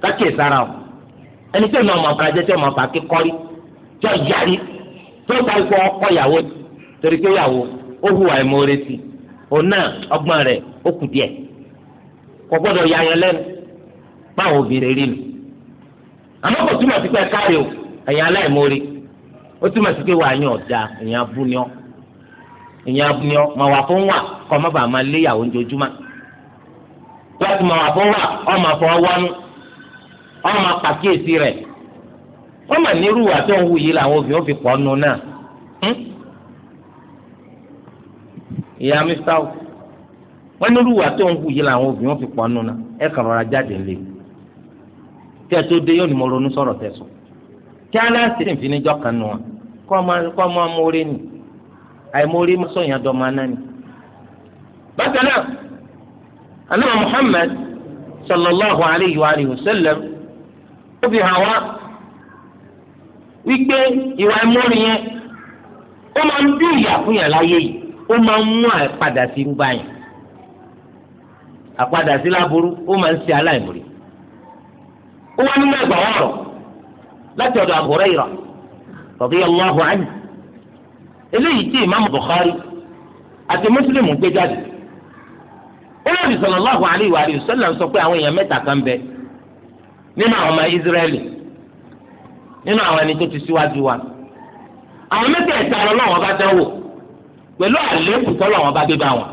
kákìí sára o ẹni tí ìmọ̀ ọmọkà ajé tí ọmọkà ké kọ́rí tí ó yarí tó ọkọ ìyàwó torí pé ìyàwó ó hùwà ẹ̀ mọ́ọ́rẹ́ sí òun náà ọgbọ́n rẹ̀ ó kù díẹ̀ kò gbọ́dọ̀ ya yẹn lẹ́nu báwo obìnrin rí nu àmọ́ kò túmọ̀ sí pé ẹ káre o ó láti mọ àfọwà ọmọ àfọwọ́nú ọmọ pàkíyèsí rẹ̀ wọ́n mà nírú ìwà tó ń wù yìí làwọn obìnrin ó fi pọ̀ nù náà. Hmm? ìyá mr wọ́n nírú ìwà tó ń wù yìí làwọn obìnrin ó fi pọ̀ nù náà ẹ kàn rọra jáde lé tí ẹ tó dé yóò ní mo ronú sọ̀rọ̀ tẹ̀sùn kí aláàsì sì fi níjọ́ kan nù wọn kọ́ ọ máa ni àìmórí sọ̀yìn náà ni. bákan náà anabi muhammed sallallahu alayhi wa alihi wa sallam ó fi hàn wá wípé ìwà ẹmúrin yẹn ó máa ń bí ìyà fún yàn láyé yìí ó máa ń mú àpadà sí gbà yẹn àpadà sí láburú ó máa ń ṣe aláìmọ̀rì ó wá nínú ẹgbàá ọ̀rọ̀ láti ọ̀dọ̀ Abu Hurairah radiyallahu anhu eléyìí tí ìmáàmù Bukhari àti Muslim gbé jáde. olórí sallallahu alayhi wa sallam sọ pé àwọn èèyàn mẹ́ta kan bẹ nínú àwọn ọmọ Ísírẹ́lì nínú àwọn ẹni tó ti síwájú wa àwọn mẹ́tẹ̀ẹ̀ta Ọlọ́run bá dánwò pẹ̀lú àléébù tọ́lọ́run bá gbé bá wọn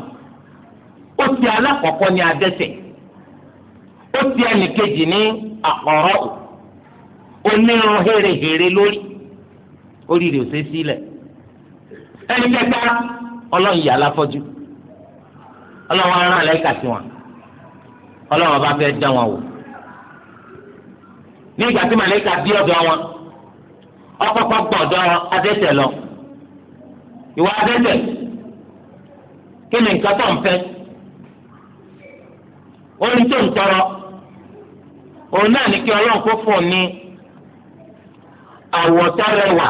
ó ti alákọ̀ọ́kọ́ ní adẹ́tẹ̀ ó ti ẹnìkejì ní àkọ́rọ́ onírun hérehère lórí oríire ò ṣe sílẹ̀ ẹnìkẹta Ọlọ́run yà ọlọ́run ará àlẹ́kà sí wọn ọlọ́run ọba fẹ́ dán wọn wò ní ìgbà tí màlẹ́kà bí ọ̀dọ̀ wọn ọkọ̀kọ̀ gbọ̀ ọ̀dọ̀ adẹ́tẹ̀ lọ ìwà adẹ́tẹ̀ kí ni nǹkan tó ń fẹ́ orin tó ń tọrọ òun náà ní kí ọlọ́run kó fún un ní àwọ̀ rẹwà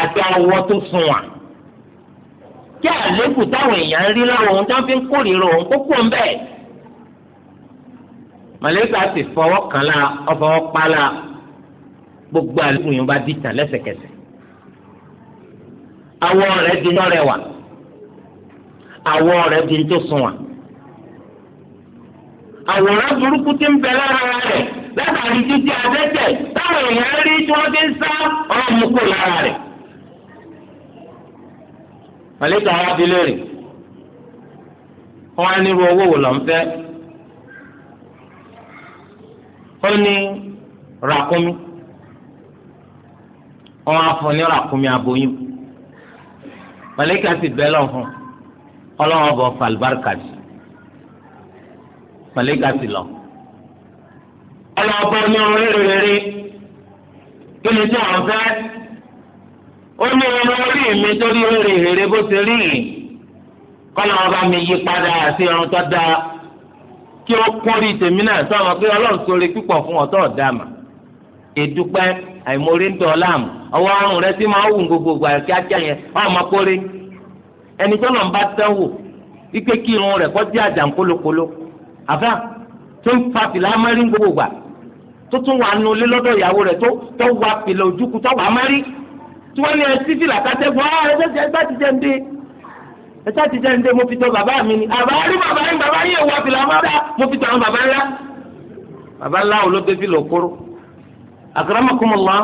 àti àwọ̀ tó sunwọ̀n kí àléébù táwọn èèyàn ń rí láwọn ohun tí wọ́n fi ń kórìíra òun kókó ń bẹ́ẹ̀. màlẹ́kà sì fọwọ́ kan la ọfọwọ́ pa la gbogbo àléébù yìí bá di tàn lẹ́sẹ̀kẹsẹ̀. awọ rẹ̀ di nọ́rẹ̀wà awọ rẹ̀ di tó sunwà àwòrán burúkú ti ń bẹ lára rẹ̀ látàrí títí adẹ́tẹ̀ táwọn èèyàn rí tí wọ́n ti ń sá ọ̀rọ̀ mú kó lára rẹ̀ màlẹ́kà wa bi léèrè wọ́n á nírú owó wò lọ́n fẹ́ ó ní ràkúnmí wọ́n á fún ní ràkúnmí aboyún màlẹ́kà sì bẹ́ẹ̀ lọ́n fún ọlọ́wọ́n bọ̀ fàlùbáríkà sí màlẹ́kà lọ ọlọ́wọ́ bọ́ ní orí rere kí ni tí wọ́n fẹ́. ó ọmọ irun orí mi torí ó rè bó ti rí yìí kọ́nà ọba mi yí padà sí irun tó kí ó kórìí tèmi náà sọ̀rọ̀ pé ọlọ́run sórí púpọ̀ fún ọ̀tọ̀ ọ̀dàmà èdúpẹ́ àìmọ̀rí ń dọ̀ láàmù ọwọ́ ọrùn rẹ ti máa ń wù gbogbogbò àkíákíá yẹn ọmọ kórè ẹni tó lọ́n bá wò ike rẹ̀ kọ́ tó ń fa fìlà amárí tó tí wọ́n ní ẹ sí fìlà kátẹ́gùn ọ́ ah, ẹ sẹ́sẹ́ ẹ ti jẹ́ ń ẹ sá ti jẹ́ ń mo fi tọ́ bàbá mi ni àbá rí bàbá yín bàbá yín èèwọ̀ fìlà máa dá mo fi tọ́ àwọn bàbá ńlá bàbá ńlá wo ló dé fìlà òkúrú akramakumullah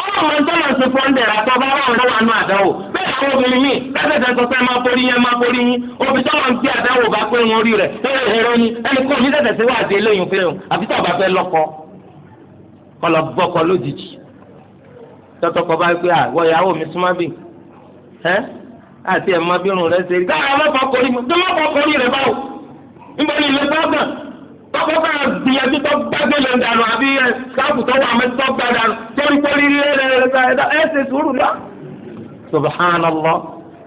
ọmọ ọmọ tó lọ sí fọ́ńdẹ̀ àti ọba ọmọ ọmọ wà nù àdáwò bẹ́ẹ̀ àwọn obìnrin mi lẹ́sẹ̀sẹ̀ sọ pé máa borí yẹn máa borí yín obì tó lọ sí àdáwò bá pé wọn rí rẹ̀ ẹ̀rọ ẹ̀rọ ni ẹni kò ní lẹ́sẹ̀sẹ̀ wà á di tọtọkọ bá gbé àwọn ìyàwó mi súnmọ́ bì ẹ àti ẹ̀ máa bírun rẹ ṣe rí. dáhà ọlọ́pàá kọrí mi ọlọ́pàá kọrí rẹ báwo níbo ni ilé gbọ́ngàn tọkọ bá gbìyànjú tó gbàgbé lè dànù àbí ẹ sáàpù tó wà gbà dànù torí rẹ ẹ ṣe sùúrù lọ. subhanallah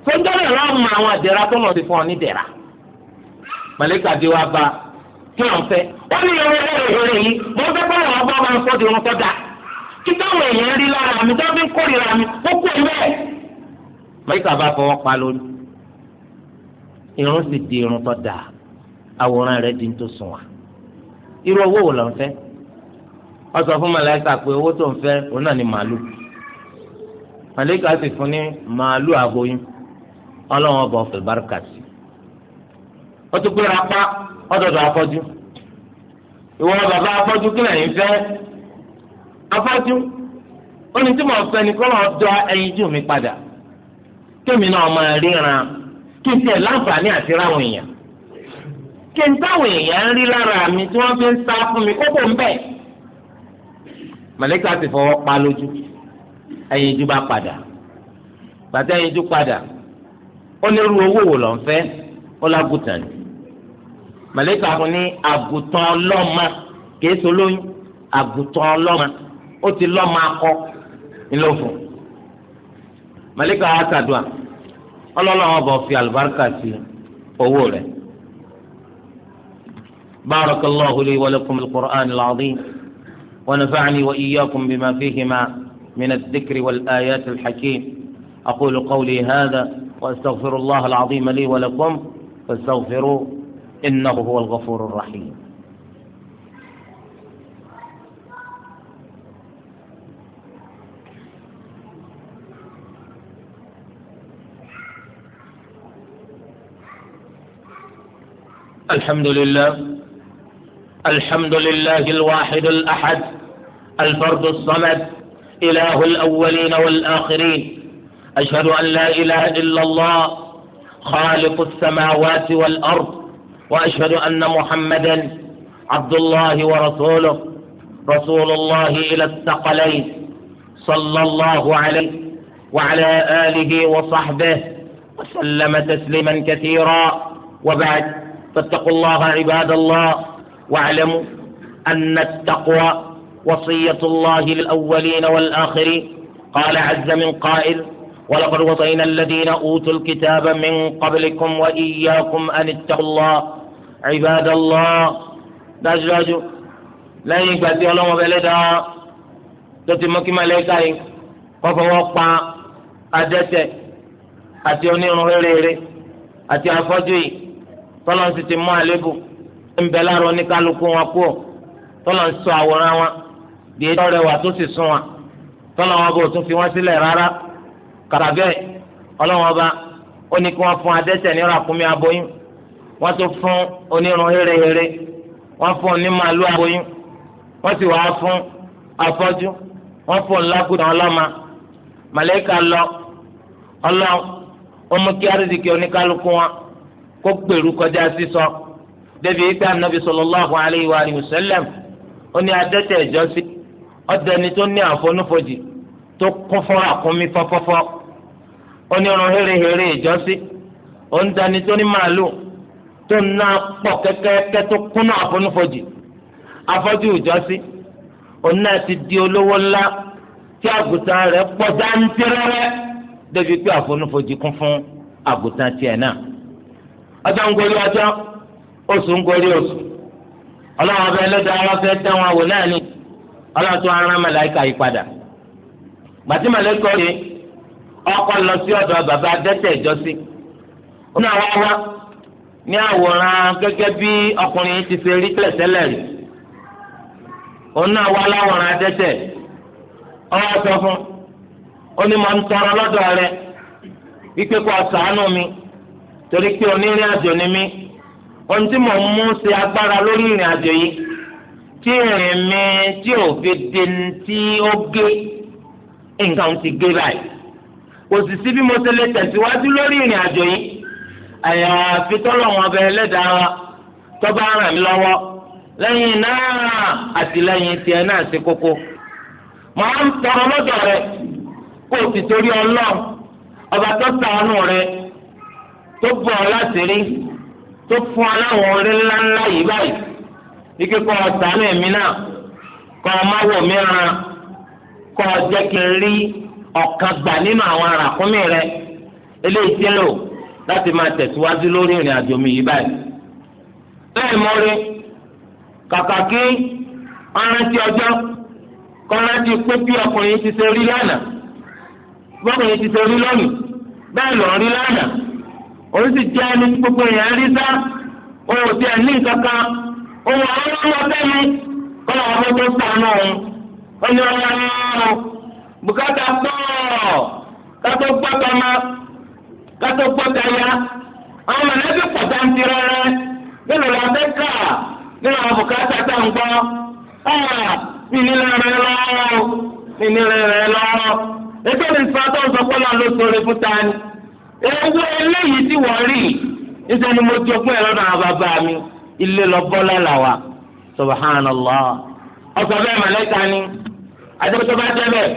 sọjọ́ náà mọ àwọn àdẹ̀rà tó ti fún ọ ní dẹ̀rà malika dé wa bá kí wọ́n fẹ́ wọ́n ní ìrìn kí táwọn èèyàn rí lára mi tó fi ń kórìíra mi ó kú ẹ̀mẹ́. màlíkà bá fọwọ́ pa lórí irun sì di irun tó dáa àwòrán rẹ̀ di tó sùn wà irú owó wò ló ń fẹ́ wọ́n sọ fún màlíkà pé owó tó ń fẹ́ òun náà ni màálù màlíkà sì fún ní màálù àgóyún ọlọ́wọ́n bọ̀ fẹ́ bárúkà sí ó tún gbéra pa ọdọọdọ afọ́jú ìwọ bàbá afọ́jú kí lẹ́yìn fẹ́ afájú ó ní tí fẹ́ ni kọ́ lọ́ọ́ dọ ẹyinjú mi padà kémi náà máa ríran kí n tiẹ̀ láǹfààní àti ráwọn èèyàn kí n táwọn èèyàn ń rí lára mi tí wọ́n fi ń sá fún mi kókò ń bẹ̀. màlẹ́kà ti fọwọ́ pa lójú ẹyinjú bá padà gbàtẹ́ ẹyinjú padà ó ní irú owó wò lọ́n ó lágùtàn ni màlẹ́kà fún ní àgùtàn ọlọ́mà kìí solóyún àgùtàn ọlọ́mà. ó ti lọ́ máa kọ́ ńlọ́fọ̀ màlíkà wa ṣàdúrà ọlọ́lọ́wọ́ bọ̀ fi àlùbáríkà sí owó rẹ̀. بارك الله لي ولكم القرآن العظيم ونفعني وإياكم بما فيهما من الذكر والآيات الحكيم أقول قولي هذا وأستغفر الله العظيم لي ولكم فاستغفروه إنه هو الغفور الرحيم الحمد لله الحمد لله الواحد الأحد الفرد الصمد إله الأولين والآخرين أشهد أن لا إله إلا الله خالق السماوات والأرض وأشهد أن محمدا عبد الله ورسوله رسول الله إلى الثقلين صلى الله عليه وعلى آله وصحبه وسلم تسليما كثيرا وبعد فاتقوا الله عباد الله واعلموا أن التقوى وصية الله للأولين والآخرين قال عز من قائل ولقد وصينا الذين أوتوا الكتاب من قبلكم وإياكم أن اتقوا الله عباد الله dájúdájú lẹ́yìn لا bẹ lẹ́dàá tó الله olowon تتمك kí màlẹ́kà اتي maleka kọ́ fọwọ́ pa tọ́lọ́ sì ti mú àlébù ń bẹ lára oníkálukú wọn kú ọ tọ́lọ́ ń sọ àwòrán wọn di ètò rẹwà tó sì sún wọn tọ́lọ́ wọn bò tún fi wọ́n sílẹ̀ rárá kàkà bẹ́ẹ̀ ọlọ́wọ́n bá ó ní kí wọ́n fún adẹ́tẹ̀ ní ràkúnmí aboyún wọ́n fún onírun wọ́n fún aboyún wọ́n sì wáá fún afọ́jú wọ́n fún ńlágùdàn ọlọ́mà màlẹ́kà lọ kó gbèrú kọjá sísọ débi ikpe anabi sallallahu alayhi wa alihi wa sallam ó ní adẹ́tẹ̀ ìjọsí ọ̀dẹni tó ní àfonúfojì tó kún fún àkúnmí fọ́fọ́fọ́ ó ní irun hérehère ìjọsí ó ń dani tó ní màálù tó ná pọ̀ kẹ́kẹ́kẹ́ tó kúnú àfonúfojì afọ́jú ìjọsí di olówó ńlá tí rẹ̀ pọ̀ débi kún fún tiẹ̀ náà. ọjọ́ ń gorí ọjọ́ oṣù ń gorí oṣù ọlọ́run ọba ẹlẹ́dàá aláfẹ́ tẹ́ wọn wò náà ni ọlọ́run tó ara màláìka yìí padà gbàtí màláìka yìí ọkọ lọ sí ọ̀dọ̀ bàbá adẹ́tẹ̀ ìjọsí wá ní àwòrán gẹ́gẹ́ bí ọkùnrin ti rí rí ọwọ́ sọ fún ní mo ń torí pé onírìn àjò ni mí ohun tí mò ń mú ṣe agbára lórí ìrìn àjò yìí tí ìrìn mi tí ò fi di tí ó gé nǹkan ti gé báyìí kò sì sí bí mo ṣe lè tẹ̀síwájú lórí ìrìn àjò yìí àyàfi tọ́lọ́wọ́n ọbẹ̀ ẹlẹ́dàá wa tó ràn mí lọ́wọ́ lẹ́yìn náà àtìlẹ́yìn tiẹ̀ náà ṣe kókó màá ń tọrọ lọ́dọ̀ rẹ kó o sì torí ọlọ́run ọba tó ṣàánú rẹ tó bọ̀ ọ́ láti rí tó fún ọ láwọn orí ńláńlá yìí báyìí ike kọ́ ọ sàánú ẹ̀mí náà kọ́ ọ má wò mí ran kọ́ ọ jẹ́ kí n rí ọ̀kan gbà nínú àwọn àràkúnmí rẹ eléyìí tí ń lò láti máa tẹ̀síwájú lórí ìrìn àjò mi yìí báyìí. bẹ́ẹ̀ mo rí kàkà kí ọ̀rántí ọjọ́ kọ́rántí pé bí ọkùnrin ti ṣe rí lánàá bọ́kùnrin ti ṣe rí lónìí bẹ́ẹ̀ lọ́ọ́ rí lánàá òun sì jẹ́ ẹni tí gbogbo èèyàn rí sá òun ò a ní kankan òun àwọn ọlọ́wọ́ mi kọ́lá wọn tó sànù òun ó ní ọlọ́run bùkátà pọ̀ kátó gbọ́dọ̀ ma kátó gbọ́dọ̀ ya àwọn mọ̀lẹ́bí pọ̀tà ń ti rẹ́rẹ́ nínú làbẹ́kà nínú àwọn bùkátà tó ń gbọ́ mi ní rẹ̀ lọ́wọ́ mi ní rẹ̀ lọ́wọ́ ètò ìfọ̀tò ìsọ̀kọ́lá ló sọ̀rọ̀ fún owó eléyìí tí wọ́n rí níṣẹ́ ni mo jogún ẹ̀ lọ́dọ̀ àwọn bàbá mi ilé lọ bọ́ lálà wa subhanallah ọ̀sán bẹ́ẹ̀ mọ̀lẹ́ta ni adébótó bá tẹ́lẹ̀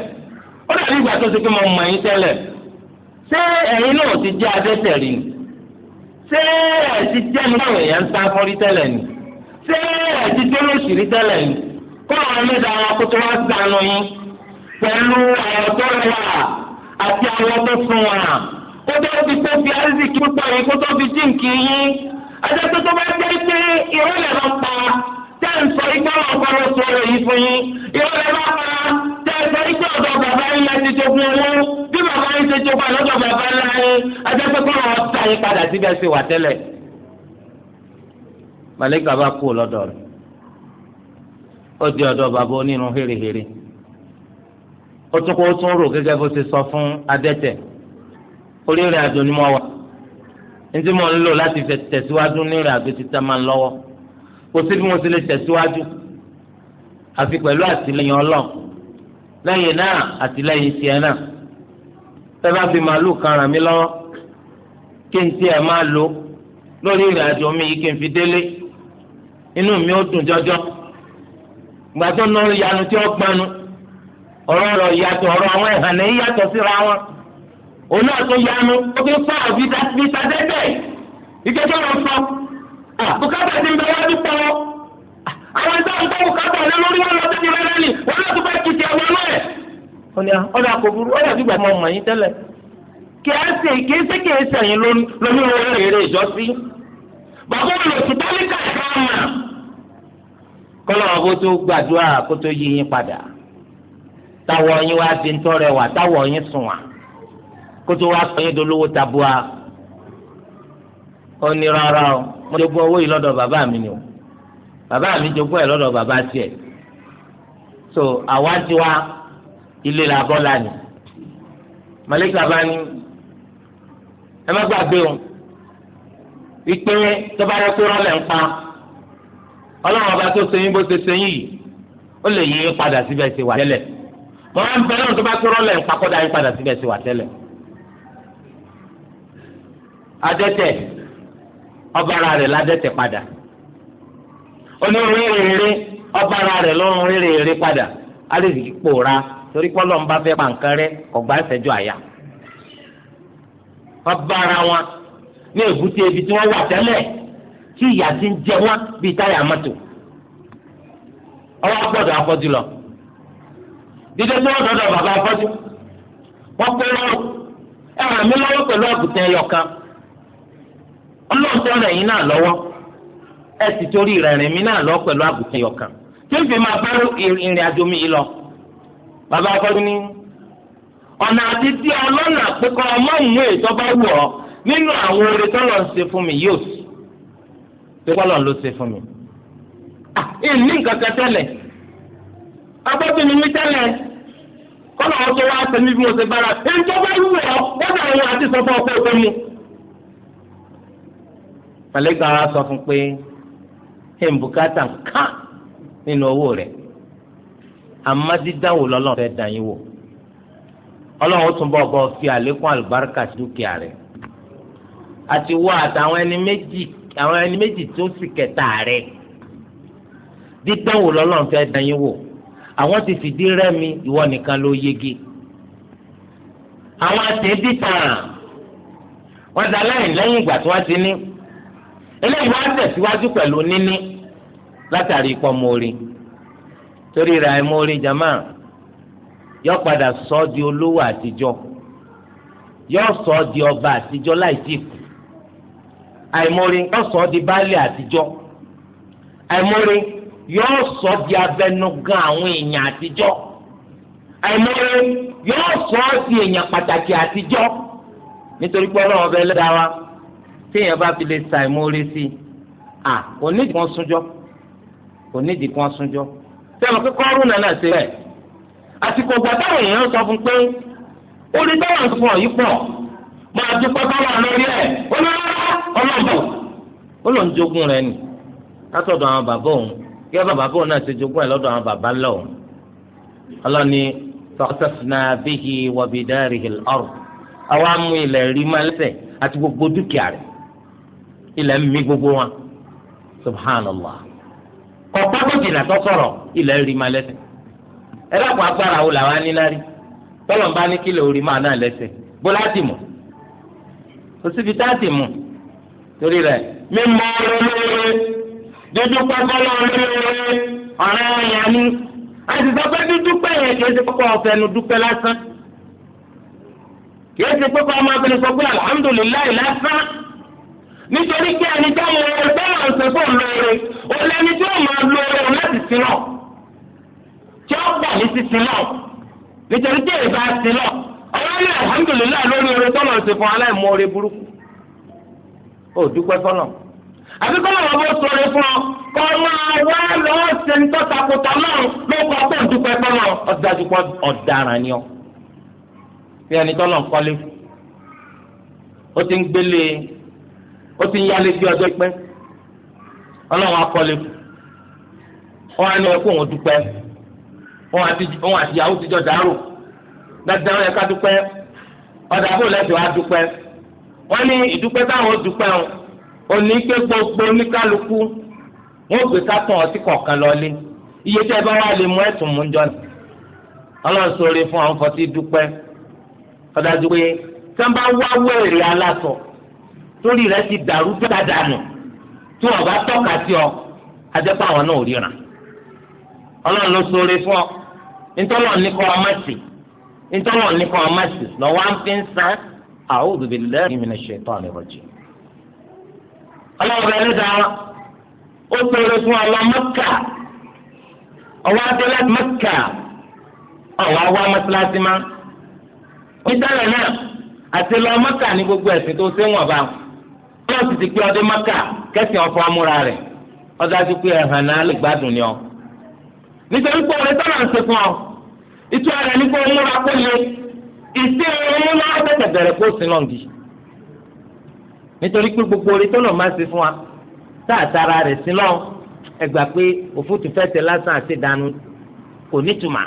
ó dàbí ìgbà tó ti pé mo mọ̀ yín tẹ́lẹ̀ ṣé ẹ̀yin náà ti jẹ́ adẹ́tẹ̀ ni ṣé ẹ̀ ti jẹ́ ń tẹ́lẹ̀ ni ṣé ẹ̀ ti jẹ́ lóṣù rí tẹ́lẹ̀ ni kó àwọn ẹlẹ́dàá àwọn akótó wá sànù yín pẹ̀lú àwọn tó rẹwà àti àwọn tó fún wa. kó tó fi kó fi arísìkí púpọ̀ yìí kó tó fi jíǹkì yín adétò tó bá dé pé ìrọ̀lẹ́ lọ pa tẹ́ ń sọ igbó ọ̀pọ̀ lọ sọ rẹ̀ yìí fún yín ìrọ̀lẹ́ lọ pa tẹ́ ń sọ igbó ọ̀dọ̀ bàbá yín láti jogún owó bí bàbá yín ti jogún àlọ́dọ̀ bàbá láyé adétò kọ́ lọ́wọ́ ta yín padà síbẹ̀ sí wà tẹ́lẹ̀. màlíkà bá kú lọ́dọ̀ rẹ̀ ó di ọ̀dọ̀ bàbá onírun hérehère ó tún kó tún rò gẹ́gẹ́ bó ti sọ fún adẹ́tẹ̀ orí rìn àjò ni mo wà ntí mo ń lò láti fẹ́ tẹ̀síwájú ní rìn àjò títa máa ń lọ́wọ́ kò sí bí mo ti lè tẹ̀síwájú àfi pẹ̀lú àtìlẹ́yìn Ọlọ́run lẹ́yìn náà àtìlẹ́yìn tiẹ̀ náà ẹ bá fi màálù kan ràn mí lọ́wọ́ kí n tiẹ̀ máa lò lórí ìrìn àjò mi yìí kí n fi délé inú mi ó dùn jọjọ gbàtọ́ náà yanu tí ó gbanu ọ̀rọ̀ ọ̀rọ̀ ìyàtọ̀ ọ̀rọ̀ àwọn ìhànà yìí yàtọ̀ síra wọn òun náà tó yanu ó fi fọ́ àfi fi sadẹ́tẹ̀ ìkẹ́kẹ́ wọn fọ́ bùkátà ti ń bẹ wájú pọ̀ àwọn ìta ń gbọ́ bùkátà rẹ lórí wọn lọ sí rẹ ní wọn náà tó bá kìtì ẹ̀wọ̀n lọ́ẹ̀. ọ̀nà àkọ́bùrú ọ̀nà àdìgbà mọ̀ mọ̀ yín tẹ́lẹ̀ kí ẹ ṣe kí ẹ ṣe kí ẹ ṣe yín lórí wọn rèrè ìjọsí. bàbá mi lò sí tálíkà ìkànnà. kọ́lọ́ ọ̀bọ tó gbàdúrà kó kótó wa sọ yín dolówó tabua ó ní rárá o mo jogún owó yìí lọ́dọ̀ bàbá mi ni o bàbá mi jogún ẹ̀ lọ́dọ̀ bàbá tiẹ̀ so àwa ti wa ilé la bọ́ lánìí màlẹ́kà bá ní ẹ má gbàgbé o ìpè tọ́ba yẹ kó rọ́lẹ̀ ń pa ọlọ́run ọba tó ṣe yín bó ṣe ṣe yín yìí ó lè yí padà síbẹ̀ ṣe wà tẹ́lẹ̀ mọ̀ ọ́n bẹ́ẹ̀ náà tọ́ba kó rọ́lẹ̀ ń pa kọ́dà yín padà síbẹ̀ ṣe wà tẹ́lẹ̀. adẹ́tẹ̀ ọba ara rẹ̀ ládẹ́tẹ̀ padà onírúurú rere ọba ọbara rẹ̀ lọ́rùn rere rere padà alẹ́sìkí pòórá torí pọ́lọ́ ń bá fẹ́ pa nǹkan rẹ àyà ọba wọn ní èbúté ibi tí wọ́n wà tẹ́lẹ̀ tí ìyá ti ń jẹ wọn bíi táyà mọ́tò ọwọ́ gbọ́dọ̀ afọ́jú lọ dídé tí wọ́n dọ̀dọ̀ bàbá afọ́jú wọ́n pé lọ́rùn ọlọ́ọ̀tọ́ rẹ̀ yín náà lọ́wọ́ ẹ sì torí rẹ̀ rìn mí náà lọ pẹ̀lú àgùntàn tí n lọ. bàbá akọ́jú ní ọ̀nà àti tí ọlọ́nà ètò bá wù ọ́ nínú àwọn oore ṣe fún mi yóò sì ló ṣe fún mi. Ah, ìní nǹkan kan tẹ́lẹ̀ tẹ́lẹ̀ ọ̀tọ̀ wa sẹ́mi màlẹ́kà wa sọ fún pé ẹ̀ ń bùkátà ká nínú owó rẹ̀ àmọ́ dídáwò lọ́lọ́run fẹ́ dàn yín wò ọlọ́run ó tún bọ̀ bọ̀ fi àlékún àlùbáríkà sí dúkìá rẹ̀ àti wọ àtàwọn ẹni méjì àwọn ẹni méjì tó sì kẹta rẹ̀ dídáwò lọ́lọ́run fẹ́ dàn yín wò àwọn ti fìdí rẹ́mi ìwọ nìkan ló yege àwọn àti ẹbí tàn wọ́n dá lẹ́yìn lẹ́yìn ìgbà tí wọ́n ti ní eléyìí wá tẹ̀síwájú pẹ̀lú níní látàrí ikọ̀ mórí torí ra mórí jama yọ padà sọ di olówó àtijọ́ yọ sọ di ọba àtijọ́ láì tí kù àìmórí yọ sọ di baálé àtijọ́ àìmórí yọ sọ di abẹnugan àwọn èèyàn àtijọ́ àìmórí yọ sọ di èèyàn pàtàkì àtijọ́ nítorí pé ọlọ́run ọbẹ̀ lẹ́dàá wa téèyàn bá fi lè sa ìmórí sí i à kò nídìí kan súnjọ́ kò nídìí kan súnjọ́ sẹ́wọ̀n pé kọ́rùnà náà ṣe bẹ́ẹ̀ àsìkò ìgbà táwọn èèyàn sọ fún pé ó lè dáwà fún ọ yìí pọ̀ máa dúpẹ́ báwa lórí ẹ̀ olóńgbò ọlọ́bù olóńjogún rẹ nì látọ̀dọ̀ àwọn bàbá òun kí ẹ bàbá òun náà ṣe jogún ẹ̀ lọ́dọ̀ àwọn bàbá ńlá òun ọlọ́ni fọ́sẹ̀fúnà bíhi wọ̀bìdárìhìl ọ̀rù àwa mú ilẹ̀ rí máa lẹ́sẹ̀ àti gbogbo dúkìá rẹ̀ ilẹ̀ ń mí gbogbo wọn subhanallah kọ̀ọ̀pá tó jìnnà tó sọ̀rọ̀ ilẹ̀ ń rí ma lẹ́sẹ̀ ẹ dàpọ̀ agbára wo làwọn anílárí tọ́lọ̀ ń bá ní kílẹ̀ orí máa náà lẹ́sẹ̀ bó láti mú òsibí táàtì mú torí rẹ̀ mímọ́ lóore dúdú pọ́pọ́ lóore ọ̀rẹ́ ẹ̀yà ni àti sọ́pẹ́ dúdú pẹ̀yẹ kì í ṣe pọ́pọ́ ọ̀fẹ́nu dúpẹ́ lásán kì í ṣe pọ́pọ́ ọmọbìnrin sọ alhamdulilayi lásán nítorí pé ẹni tó mọ ọrẹ bẹ́ẹ̀ lọ sí fún lóore olẹ́ni tí ó máa lóore láti sin lọ tí ó gbà ní sísin lọ nítorí pé ìbá sin lọ ọlọ́ni alhamdulilayi lórí oore tó lọ sí fún aláìmọ oore burúkú ó dúpẹ́ fọlọ́ àbí kọ́ lọ́wọ́ bó sọ̀rọ̀ fún ọ kọ́ máa wá lọ́wọ́ sẹ́ńtọ́ takùtà náà ló kọ́ pọ̀ dúpẹ́ fọlọ́ ọ̀dájú pọ̀ ọ̀daràn ni ọ bí ẹni tó lọ kọ́lé ó ti ń gbélé ó ti ń yálé bí ọjọ́ pẹ́ ọlọ́run akọ́lé wọn á ní ẹkú òun dúpẹ́ wọn àti ìyàwó ti jọ dàrú dáadáa wọn yẹ ká dúpẹ́ ọ̀dà àbò lẹ́sìn wá dúpẹ́ wọn ní ìdúpẹ́ táwọn dúpẹ́ o òní pé gbogbo oníkálukú wọn ò gbé sátọ̀ ọtí kọ̀ọ̀kan lọ́lé iye tẹ́ ẹ bá wà lè mú ẹ̀tún mú jọ ní ọlọ́run sọ̀rọ̀ fún àwọn fọtí dúpẹ́ ọ̀dà dúpẹ́ tí wá wẹ̀rẹ̀ alásọ̀ torí rẹ ti dàrú dáadáa tí wọn bá tọ́ka sí ọ adẹ́pọ̀ àwọn náà ò ríran ọlọ́run ló sọre fún ọ ntọ́lọ̀ ní kọ́ ọmọ sí ntọ́lọ̀ ní kọ́ ọmọ sí lọ́wọ́ à ń fi ń san a'udhu billahi minash shaitani rajim. ọlọ́run rẹ nígbà ó sọre fún ọ Mẹ́kà ọwọ́ adé Mẹ́kà ọwọ́ awọ́ náà àti Mẹ́kà ní gbogbo ẹ̀sìn tó wọn ọlọ́run sì ti pé ọdẹ mọ́kà kẹ́sìn ọ̀fọ̀ amúra rẹ̀ ọdájú pé ẹ̀hàn náà lè gbádùn ni ọ. nítorí pé ọ̀rẹ́ tọ́lá ń sekun ọ ìtú ara ní kó múra kó le ìsí ọmọ náà tẹ̀tẹ̀ bẹ̀rẹ̀ kó sin lọ́ǹgì. nítorí pé gbogbo orí tọ́lọ̀ máa ṣe fún wa tá àtara rẹ̀ sí lọ́n ẹ gbà pé òfútu fẹ́tẹ̀ lásán àti ìdánù kò nítumà.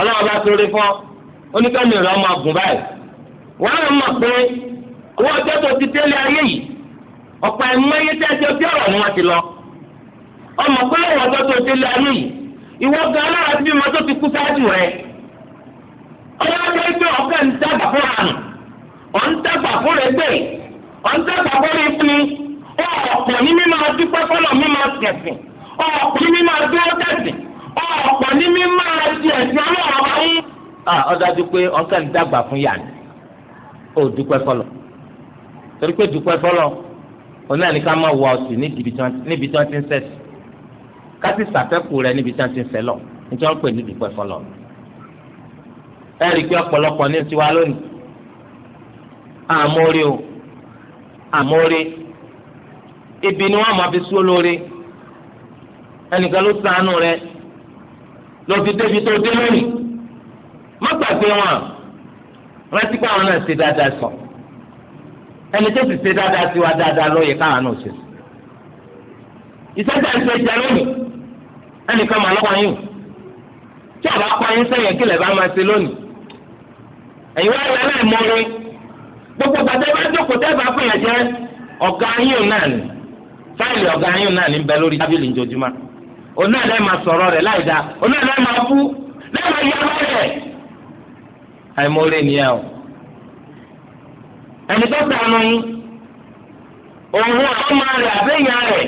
ọlọ́run bá sọ̀rọ̀ fún ọ oníkànnì rẹ̀ ọmọ àgùnbáyì wọ́n á mọ̀ pé owó ọjọ́ tó ti délé ayé ọ̀pọ̀ ẹ̀mọ́ yé tẹ́ ẹjọ́ bí ọ̀rọ̀ ni wọ́n ti lọ ọmọ pé ọjọ́ tó délé ayé yìí ìwọ gan alára ti bímọ tó ti kú sáájú rẹ ọlọ́jọ́ ìgbé ọ̀kẹ́ ń dàgbà fún àrùn dàgbà fún dàgbà fún fún ọ̀pọ̀ ní fọlọ́ ọ̀pọ̀ ní torí pé dùpẹ́ fọlọ́ òun náà ní ká máa wọ ọ̀sìn níbi tí wọ́n ti ń sẹ̀sì ká sì sàfẹ́kù rẹ̀ níbi tí wọ́n ti ń sẹ́lọ̀ nítorí wọ́n pè ní dùpẹ́ fọlọ́ ẹ rí i pé ọ̀pọ̀lọpọ̀ ní tiwa lónìí àmórí o àmórí ibi ni wọ́n máa fi sún olóore ẹnìkan ló ṣàánú rẹ lọ fi débi tó dé lónìí má gbàgbé wọn rántí pé àwọn náà ṣe dáadáa sọ̀rọ̀ ẹni tó sì ṣe dáadáa sí wa dáadáa lóye káwọn náà ṣe. ìṣẹ́jà ìṣe ìṣe lónìí ẹnìkan máa lọ́wọ́ yín tí ọba kọ́ yín sẹ́yìn kí lè bá máa ṣe lónìí. ẹ̀yin wá lọ láì mọ gbogbo gbàdé bá jókòó tẹ́ bá fún jẹ́ ọ̀gá yín náà ni fáìlì ọ̀gá yín náà bẹ lórí tábìlì ìjọjúmọ́ máa sọ̀rọ̀ rẹ̀ láì dáa máa fú máa ẹni tó sànù yín òun ọmọ rẹ̀ àbẹ̀yà rẹ̀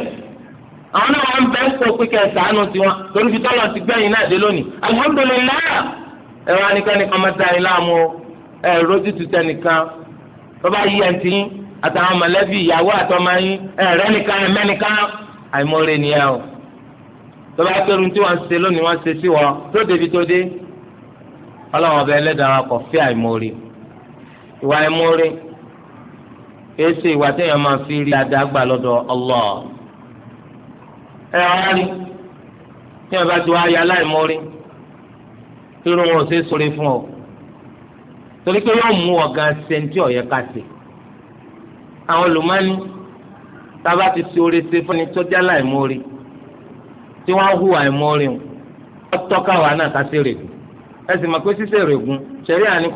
àwọn náà wọn bẹ ń kó pípẹ́ sànù tiwọn torí fi tọ́lọ̀ ti gbẹ̀yìn náà dé lónìí alihamudulilayi ẹ̀rọ anìkan nìkan máa dání láàmú ẹ̀rọ títú tẹ nìkan bàbá yìí ẹ̀ ń tiyín àtàwọn mọ̀lẹ́bí ìyàwó àtọmọ yín ẹ̀rẹ́ nìkan ẹ̀mẹ́nìkan àìmọ́re nìyẹn o tọ́ba akẹ́rù tí wọ́n ṣe lónìí wọ́n ṣe sí wọn tó débi tó dé ọlọ́wọ́n ọba ẹlẹ́dàá kọ̀ fí àìmọ́re ìwà kìí ṣe ìwà téèyàn máa fi rí dáadáa gbà lọ́dọ̀ Allah ẹ wá rí tí wọn bá ti wá ya láìmọ́rí irun wọn ò ṣe sórí fún ọ torí pé yóò mú ọ̀gán sẹ́ńtì ọ̀yẹ́ ká sí àwọn olùmọ́ni tába ti ṣe oore ṣe fún ẹni tó já láìmọ́rí tí wọ́n hu àìmọ́rí o wọ́n tọ́ka wà náà ká sí règùn ẹ sì mọ̀ pé ṣíṣe règùn ṣẹ̀rí àní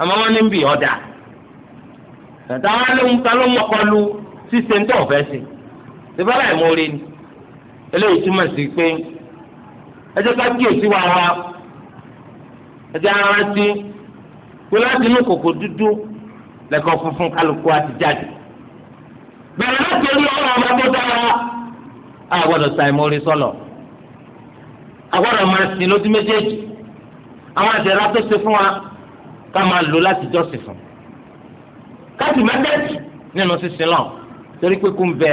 àmọ́ wọ́n ní tàtà wọn lóhun ta ló mọkọlu ṣíṣe ń tọ̀ fẹ́ sí ìbára ìmọ̀ọ́rẹ́ ni eléyìí túmọ̀ sí pé ẹ jẹ́ ká kíyèsí wa wa ẹ jẹ́ ara ti pé láti inú kòkò dúdú lẹ́kọ̀ọ́ funfun kálukú àti jáde bẹ̀rẹ̀ láti orí ọ̀rọ̀ ọmọ tó dára a gbọ́dọ̀ sa ìmọ̀ọ́rẹ́ sọ̀lọ̀ a gbọ́dọ̀ máa sin lójú méjèèjì àwọn àtẹ̀rà tó ṣe fún wa ká máa lò láti jọ́sìn fún káàtì mẹ́tẹ́ẹ̀tì nínú sísin lọ torí pé kú ń bẹ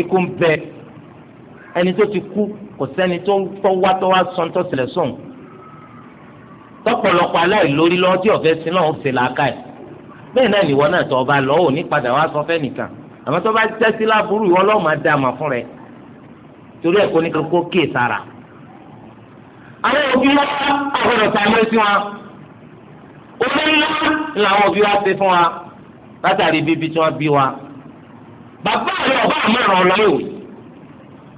ikú ń bẹ ẹni tó ti kú kò sẹ́ni tó wá tó wá sọ tó sílẹ̀ sóhun tọ́pọ̀lọpọ̀ aláìlórí lọ́wọ́ tí ọ̀fẹ́ sí náà ó ṣe làákà ẹ̀ bẹ́ẹ̀ náà nìwọ náà tó ọba lọ́wọ́ ní padà wá sọ fẹ́ nìkan àmọ́ tó bá jẹ́ sí láburú ìwọ lọ́wọ́ máa dá a fún rẹ torí ẹ̀ kó ní kankan kéè sára. àwọn òbí wa àgbọ̀dọ̀ sàmúlẹ̀ sí wọn olórí ńlá làwọn òbí wa ṣe fún wa látàrí bíbí tí wọ́n bí wa bàbá rẹ ọba àmọràn ọlọrọ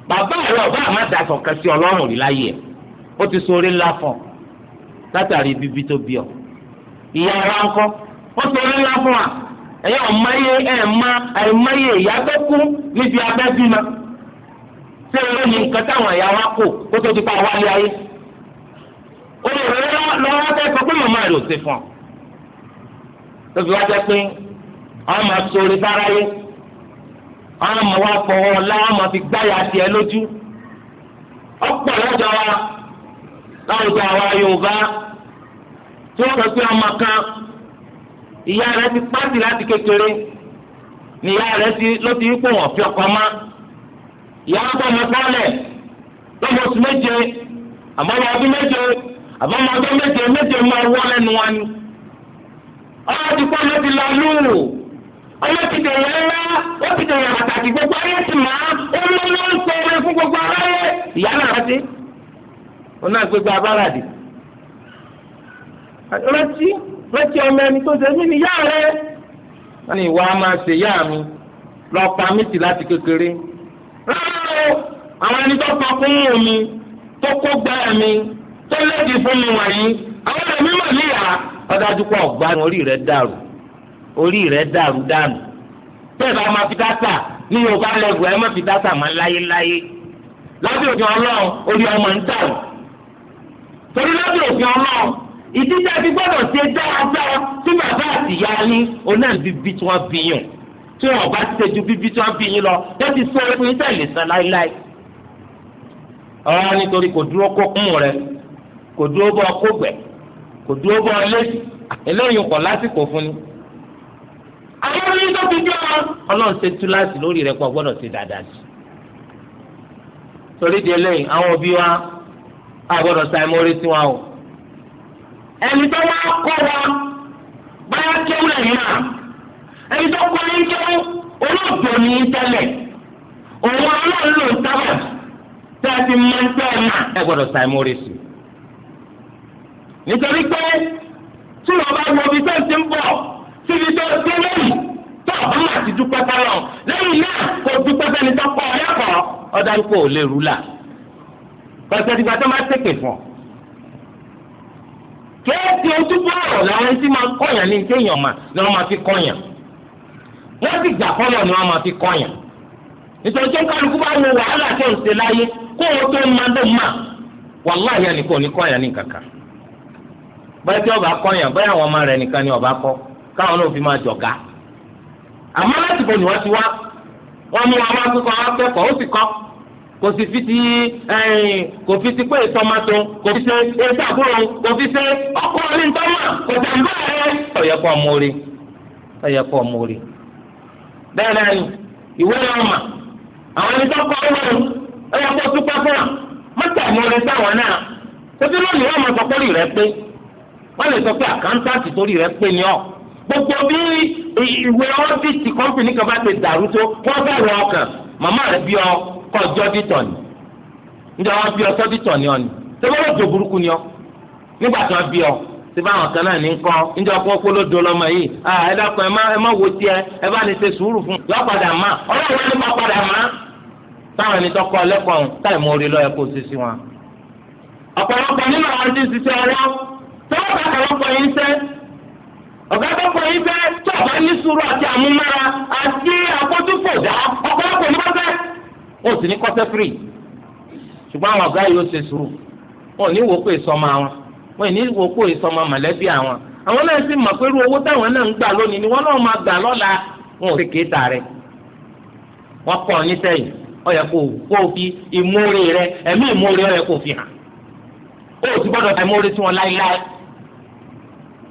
bàbá rẹ ọba àmọdàsọ kẹsì ọlọ́run rí láyé ẹ ó ti sọ orí ńlá fún ọ látàrí bíbí tó bí ọ ìyá ara ńkọ́ ó sọ orí ńlá fún wa ẹyẹ ọmọye ẹẹma àìmọye ìyá tó kú níbi abẹ bímọ ṣé eré ni nǹkan táwọn ẹ̀yà wa kò kó tó ti pa wálé ayé ó lè rẹ lọ́wọ́ tẹ́ sọ pé màmá rẹ ò ṣe fún ọ tóbi wá jẹ́ pé àwọn máa sori fáráyé àwọn máa wá fọwọ́ ọ̀la àwọn máa fi gbáyà tiẹ̀ lójú ọ̀pọ̀ lọ́jọ́ wa láwùjọ àwa Yorùbá tí wọ́n sọ pé ọmọ kan ìyá rẹ̀ ti pàṣẹ láti kékeré ni ìyá rẹ̀ ti ló ti rí pé wọ́n fi ọkọ mọ́ ìyá wọn bọ́ ọmọ sọ́ọ̀lẹ̀ oṣù méje àbọ̀mọ ọdún méje àbọ̀mọ ọdún méje méje máa wọ́ lẹ́nu wa ni ọlọ́dúnkọ́ ló ti lọ lóòrò ọlọ́tìdè yẹn ńlá ó ti dè yàrá kàkì gbogbo ayé ti mọ̀ ó ń lọ ló ń sọ orin fún gbogbo aráyé ìyá náà rántí ó náà gbégbé abáràdì rántí rántí ọmọ ẹni tó ṣe mí ni yá rẹ wọn ni ìwà máa ṣe yá mi lọ pa mí tì láti kékeré rárá o àwọn ẹni tó pa fún omi tó kó gbára mi tó lẹ́ẹ̀dì fún mi wọ̀nyí àwọn ẹ̀mí mọ̀ níyà ọdájú pọ̀ gbádùn orí rẹ̀ dàrú orí rẹ̀ dàrú dànù bẹ́ẹ̀ bá máa fi dáta ní yorùbá lẹ́gùn ẹ̀ má fi dáta máa láyéláyé lábẹ́ òfin ọlọ́run orí ọmọ ń dàrú torí lábẹ́ òfin ọlọ́run ìdíjà ti gbọ́dọ̀ ṣe dáadáa tí bàbá àtìyá ní onáàbíbí tí wọ́n bí yàn tí wọn bá ti tẹjú bíbí tí wọn bí yín lọ wọn ti sọ ẹkùn yín tẹ́lẹ̀ san láéláé. ọ̀rọ̀ nítorí kò dúró kó kún rẹ kò dúró bọ́ kó gbẹ kò dúró bọ́ ọ létí eléyìí kọ̀ lásìkò fún ni. akérèlé tó fi jẹ́ ọ ọlọ́run ṣe tú láti lórí rẹ̀ pọ̀ gbọ́dọ̀ ṣe dáadáa sí. torí di eléyìí àwọn òbí wa a gbọ́dọ̀ sa ẹmọ́rí sí wa o. ẹni tó wá kọ́ wa báyà kéwù lẹ́yìn náà ẹni tó kọ́ ní kéwù olóògbé ní tẹ́lẹ̀ òun ọlọ́run ló ń tábà tẹ́ ẹ ti máa ń tẹ́ ẹ náà ẹ gbọ́dọ̀ sa ẹmọ́rí sí i nítorí pé tí wọn bá wọ ibi tó ń ti ń bọ̀ síbi tó ń ti lẹ́yìn tó ọ̀bá máa ti dúpẹ́ fọlọ́ lẹ́yìn náà kò dúpẹ́ fẹ́ni tó kọ́ ọ̀yẹ́kọ̀ọ́ ọ̀dàlùkọ́ ò lè rúlà pẹ̀sẹ̀ ìgbà tó máa tẹ̀pẹ̀ fún ọ. kéèké ojú bọ̀rọ̀ làwọn ẹni tí máa kọ̀yàn ní téèyàn mà ni wọ́n máa fi kọ̀yàn wọ́n sì gbà fọlọ́ ni wọ́n máa fi kọ̀yàn nítorí tó ń kálukú bá wo wàhálà tó ń ṣe láyé kó o tó ń máa ló máa wàláhìá ni kò ní kọ̀yàn ní kankan. bóyá tí ọba kọyàn bóyá àwọn ọmọ rẹ nìkan ni ọba kọ káwọn náà fi máa jọga àmọ́ láti bọ ni wọn ti wọn mú wọn wá kíkọ wọn kẹ́kọ̀ọ́ ó sì kọ kò sì fi ti kò fi ti pé ìtọ́mátò kò fi ṣe ètò àbúrò kò fi ṣe ọkọ kò ọmọ ọmọ orí bẹ́ẹ̀ náà ni ìwé àwọn ẹni tó pẹ́ fún wa wọ́n lè sọ pé àkáńtàǹtì torí rẹ̀ pé ní ọ́. gbogbo bí ìwé ọ́fíìsì kọ́mpìnì kan bá ti dàrú tó wọ́n fẹ́ rọ ọkàn màmá rẹ̀ bí ọ kọ́ jọ́dítọ̀ ni níjọ́ ọ ni ọ ni tẹ́wọ́n lọ jọ ni ọ nígbà tí wọ́n bí ọ tí báwọn kan náà ní kọ́ níjọ́ kọ́ kólódó lọ́mọ yìí ẹ dákun ẹ má wo tiẹ̀ ẹ bá ní ṣe sùúrù fún má ọlọ́run ló ní tọ́wọ́ bá kàwọn pọ̀ sẹ́ ọ̀gá tó sẹ́ ọ̀gá ní sùúrù àti àmúmára àti ọ̀pọ̀lọpọ̀ ní ní kọ́sẹ́ ṣùgbọ́n àwọn ọ̀gá yóò ṣe sùúrù wọn ò ní àwọn wọn ò mọ̀lẹ́bí àwọn àwọn ọ yẹ kó kó o fi ìmúre rẹ ẹ̀mí ìmúre yẹ o fi hàn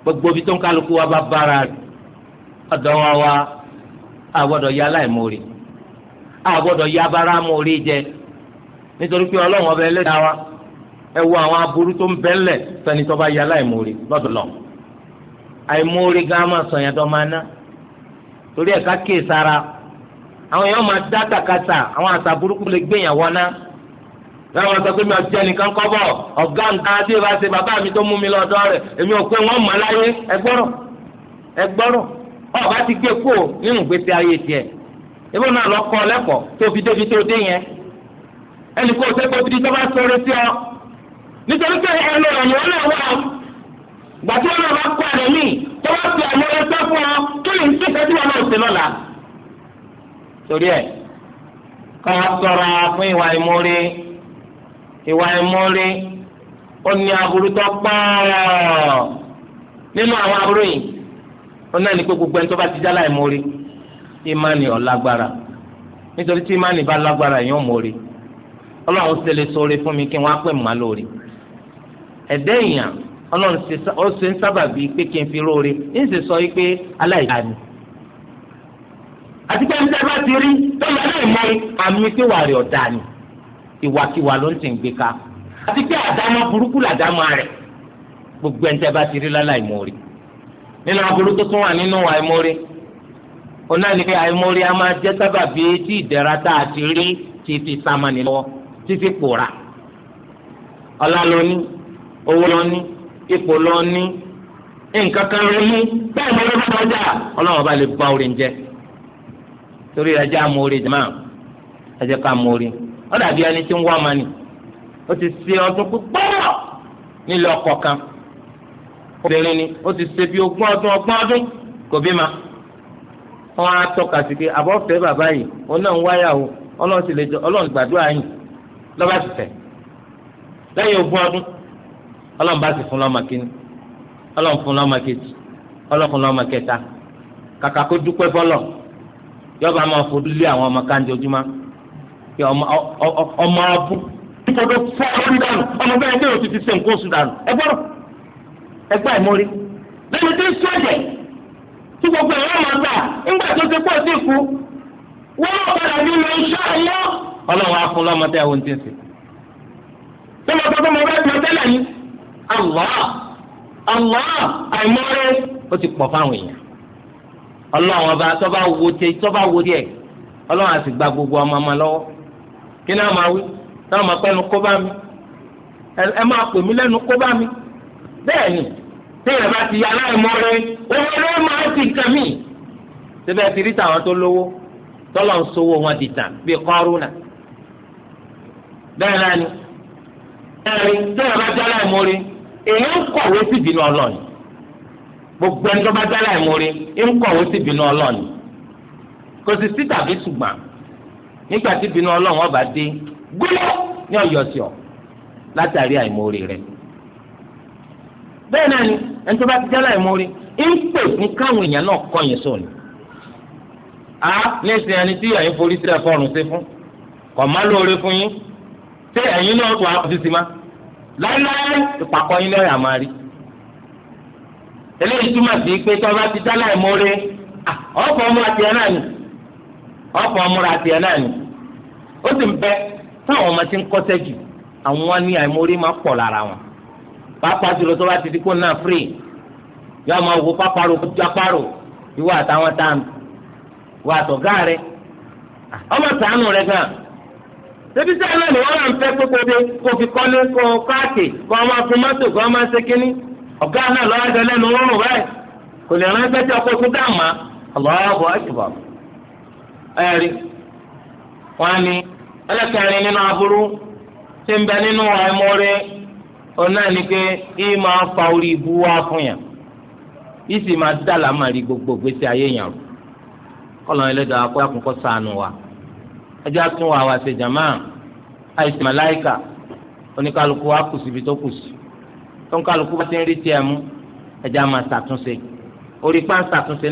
gbogbo ibi tó ń kálukú wa bá bára ọ̀dọ̀ wa wa àgbọ̀dọ̀ ya láìmórè àgbọ̀dọ̀ ya bára mórè jẹ nítorí pé ọlọ́run ọba ẹlẹ́dàá wa ẹ wo àwọn aburú tó ń bẹ́lẹ̀ sani tó bá ya láìmórè lọ́dọ̀lọ́ àìmórè gan máa sọ yẹn tó máa ná torí ẹ̀ ká kéè sára àwọn èèyàn máa dá tàkàtà àwọn àṣà lè gbéyàwó náà. láwọn sọ pé mi ò jẹ́ nìkan kọ́ bọ̀ ọ̀gá nǹkan tí ìbá ṣe bàbá mi tó mú mi lọ́dọ̀ rẹ̀ èmi ò pé wọ́n mọ̀ láyé ẹgbọ́rọ̀ ẹgbọ́rọ̀ ọba ti gbé kó nínú gbèsè ayé tiẹ̀ náà lọ tó fi débi tó dé yẹn ẹnì kó o ṣe kóbi tó bá sí ọ nítorí pé ọ̀nà gbàtí wọn náà bá tó bá fi àmọ́ fún ọ ẹ sọ̀rọ̀ fún ìwà ìmúrí ìwà ìmúrí ó ní aburú tó nínú àwọn aburú yìí ó náà ní pé gbogbo ẹni tó bá ti já láì múrí ìmánì ọ̀lágbára nítorí tí ìmánì bá lágbára yìí ó múrí ọlọ́run ṣe lè sọ̀rọ̀ fún mi kí wọ́n á pè mọ́ lórí ẹ̀dẹ́ ọlọ́run ó ṣe ń sábà bíi pé kí n fi sọ a bá ti rí tó lọ́ọ́ láì ìwàkiwà ló ń tì ń gbé ká àti pé àdámọ́ burúkú làdámọ́ rẹ̀ gbogbo ẹni tẹ́ bá ti rí lálẹ́ àìmọ́rí nínú aburú tó tún wà nínú àìmọ́rí ọ̀nà ni pé àìmọ́rí a máa jẹ́ sábàbí tí ìdẹ̀ra tá a ti rí ti fi sámánì lọ́wọ́ ti fi pòórá ọlá ló ní owó ló ní ipò ló ní nǹkan kan ló ní bẹ́ẹ̀ ló ló ọjà ọlọ́run bá lè bá orin jẹ torí ẹ̀jẹ̀ amóore jẹ́ máa ẹ̀jẹ̀ ká amóore. ọ dàbí ẹni tí ń wá ọmọ ni ó ti ṣe ọdún púpọ̀ ọkọ kan obìnrin ni ó ti se bí ogún ọdún ọdún kò ma wọn á tọ́ka sí pé àbọ̀fẹ́ bàbá yìí òun náà ń wáyà o ọlọ́run sì lè jọ ọlọ́run gbàdúrà yìí lọ́ba ti fẹ̀ lẹ́yìn ogún ọdún ọlọ́run bá yọba máa fojú lé àwọn ọmọ ojúmọ́ kí ọmọ abú kíkọ́dọ̀ fọ́ lórí dànù ọmọ bẹ́ẹ̀ ní òtítì ṣe nǹkan oṣù dànù ẹ gbọ́dọ̀ ẹ tí ń tí gbogbo ẹ̀rọ máa gbà tó ti pọ̀ sí ikú wọ́n padà iṣẹ́ ọlọ́run á fún lọ́mọdé tí ń sè bá tẹ́lẹ̀ àìmọ́rẹ́ ó ti pọ̀ kí ni a máa wí táwọn máa pẹ́nu kó bá mi ẹ máa pè mí lẹ́nu kó bá mi bẹ́ẹ̀ ni téèyàn bá ti yá aláìmọ́re owó ló máa ti nǹkan mì. síbẹ̀ ti rí tàwọn tó lówó tọ́lọ̀ ń sowó wọn di tàn bíi kọ́rùnà bẹ́ẹ̀ náà ni ẹ̀rí téèyàn bá já aláìmọ́re èèyàn ń kọ̀wé sí ìbínú ọlọ́ọ̀ni gbogbo ẹni tó bá já ń kọ̀wé sí ìbínú ọlọ́ọ̀ni kò sì sí tàbí nígbà tí bínú ọlọ́run ọba dé gbólọ́ ní ọ̀yọ́ sí látàrí àìmórí rẹ. bẹ́ẹ̀ náà ni ẹni tó bá ti jẹ́ láìmórí ń pè fún káwọn èèyàn náà a ní sin ẹni tí ẹ̀yin forí sílẹ̀ fọ́ọ̀rùn sí fún kò má lóore fún yín tí ẹ̀yin náà tó àpò sísì má láíláí ìpàkọ́ yín lọ́ọ̀yà máa ti ọ̀pọ̀ ọmọ ó sì ń bẹ táwọn ọmọ ti ń kọ́ṣẹ́ jù àwọn wọn ní àìmórí máa pọ̀ lára wọn pàápàá ti wo pápárò kó jápárò àtàwọn tá ìwọ àtọ̀gá rẹ ọmọ sàánù rẹ gan ṣébi sẹ́yìn náà ni wọ́n ń fẹ́ kókóde kó fi kọ́lé kó káàkì kó ọmọ fún mọ́tò kó ọmọ ṣe kínní ọ̀gá náà lọ́wọ́ lẹ́nu rọrùn kò lè wọn ni ẹlẹ́kẹ̀rin nínú aburú tí ń bẹ nínú àìmọ́rẹ́ ọ̀nà ni pé yìí máa fa orí ibu wá fún yàn yìí sì máa dá làmàrí gbogbo gbèsè ayé yàn rò kọ́lọ́n ẹlẹ́dàá kó àkùnkọ́ sànù wa ẹjẹ́ wa wá ṣe jàmá àìsàn màláìkà oníkàlùkù wa kù síbi tó kù sí bá ti ń rí tiẹ̀ mú àmà orí pàǹsàtúnṣe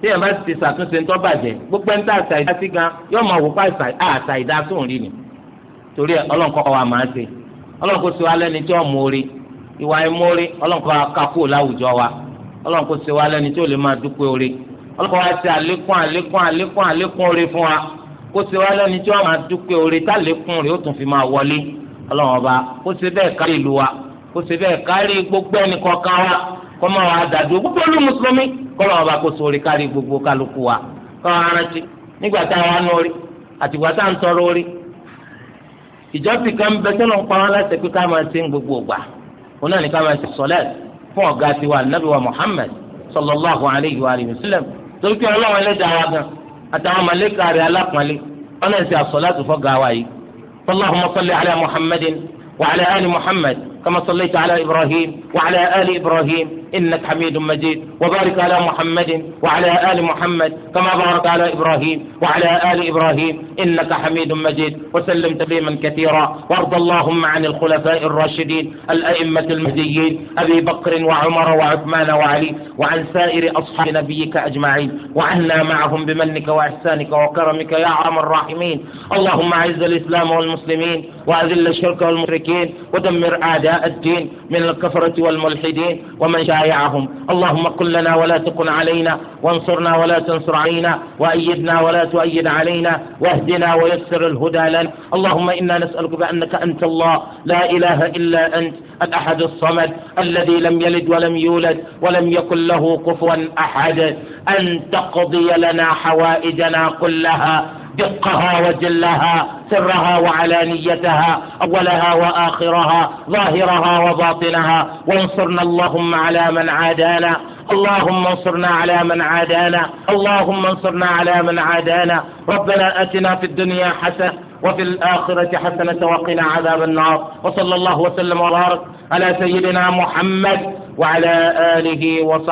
tí yẹn bá ti ṣàtúnṣe ńtọ́ bàjẹ́ gbogbo ẹ̀ńtà àṣàìdá sí gan yóò máa wò pa àṣàìdá sóun rí ni torí ẹ ọlọ́nkọ́ wa máa ṣe ọlọ́nkọ́ ṣe wa lẹ́ni tí ó mórí ìwà ìmórí ọlọ́nkọ́ kakú láwùjọ wa ọlọ́nkọ́ ṣe wa lẹ́ni tí ó lè máa dúpẹ́ orí ọlọ́nkọ́ wa ṣe àlékún àlékún àlékún àlékún orí fún wa kó ṣe wa lẹ́ni tí ó máa dúpẹ́ orí tálékún rẹ̀ ó tún fi máa wọlé ọlọ́wọ́n ba kó ṣe bẹ́ẹ̀ kárí ìlú wa kó ṣe bẹ́ẹ̀ kárí gbogbo ẹnì kọ̀ọ̀kan wa kọ́ máa wà á dàdúró gbogbo olú mùsùlùmí kọ́lọ́ ọba kó sórí kárí gbogbo kálukú wa káwọn arántí nígbà tá a wà nù orí àtìgbà tá a ń tọrọ orí ìjọsìn kan bẹ tó lọ́n pa wọn láti pé ká máa ṣe ń gbogbo ògbà òun náà ní ká máa ṣe sọlẹ́t fún ọ̀gá tiwa nàbí wa Muhammad sallallahu alayhi wa sallam torí pé ọlọ́run ẹlẹ́dàá wa gan àtàwọn màlẹ́kà rẹ̀ alápọ̀nlé wọn náà ṣe àsọlẹ́t fọ́gà wa yìí allahumma salli ala muhammadin wa ala ali muhammad كما صليت على إبراهيم وعلى آل إبراهيم إنك حميد مجيد وبارك على محمد وعلى آل محمد كما بارك على إبراهيم وعلى آل إبراهيم إنك حميد مجيد وسلم تسليما كثيرا وارض اللهم عن الخلفاء الراشدين الأئمة المهديين أبي بكر وعمر وعثمان وعلي وعن سائر أصحاب نبيك أجمعين وعنا معهم بمنك وإحسانك وكرمك يا أرحم الراحمين اللهم أعز الإسلام والمسلمين وأذل الشرك والمشركين ودمر أعداء الدين من الكفرة والملحدين ومن شايعهم اللهم قل لنا ولا تكن علينا وانصرنا ولا تنصر علينا وأيدنا ولا تؤيد علينا واهدنا ويسر الهدى لنا اللهم إنا نسألك بأنك أنت الله لا إله إلا أنت الأحد الصمد الذي لم يلد ولم يولد ولم يكن له كفوا أحد أن تقضي لنا حوائجنا كلها دقها وجلها سرها وعلانيتها أولها وآخرها ظاهرها وباطنها وانصرنا اللهم على من عادانا اللهم انصرنا على من عادانا اللهم انصرنا على من عادانا ربنا آتنا في الدنيا حسنة وفي الآخرة حسنة وقنا عذاب النار وصلى الله وسلم وبارك على سيدنا محمد وعلى آله وصحبه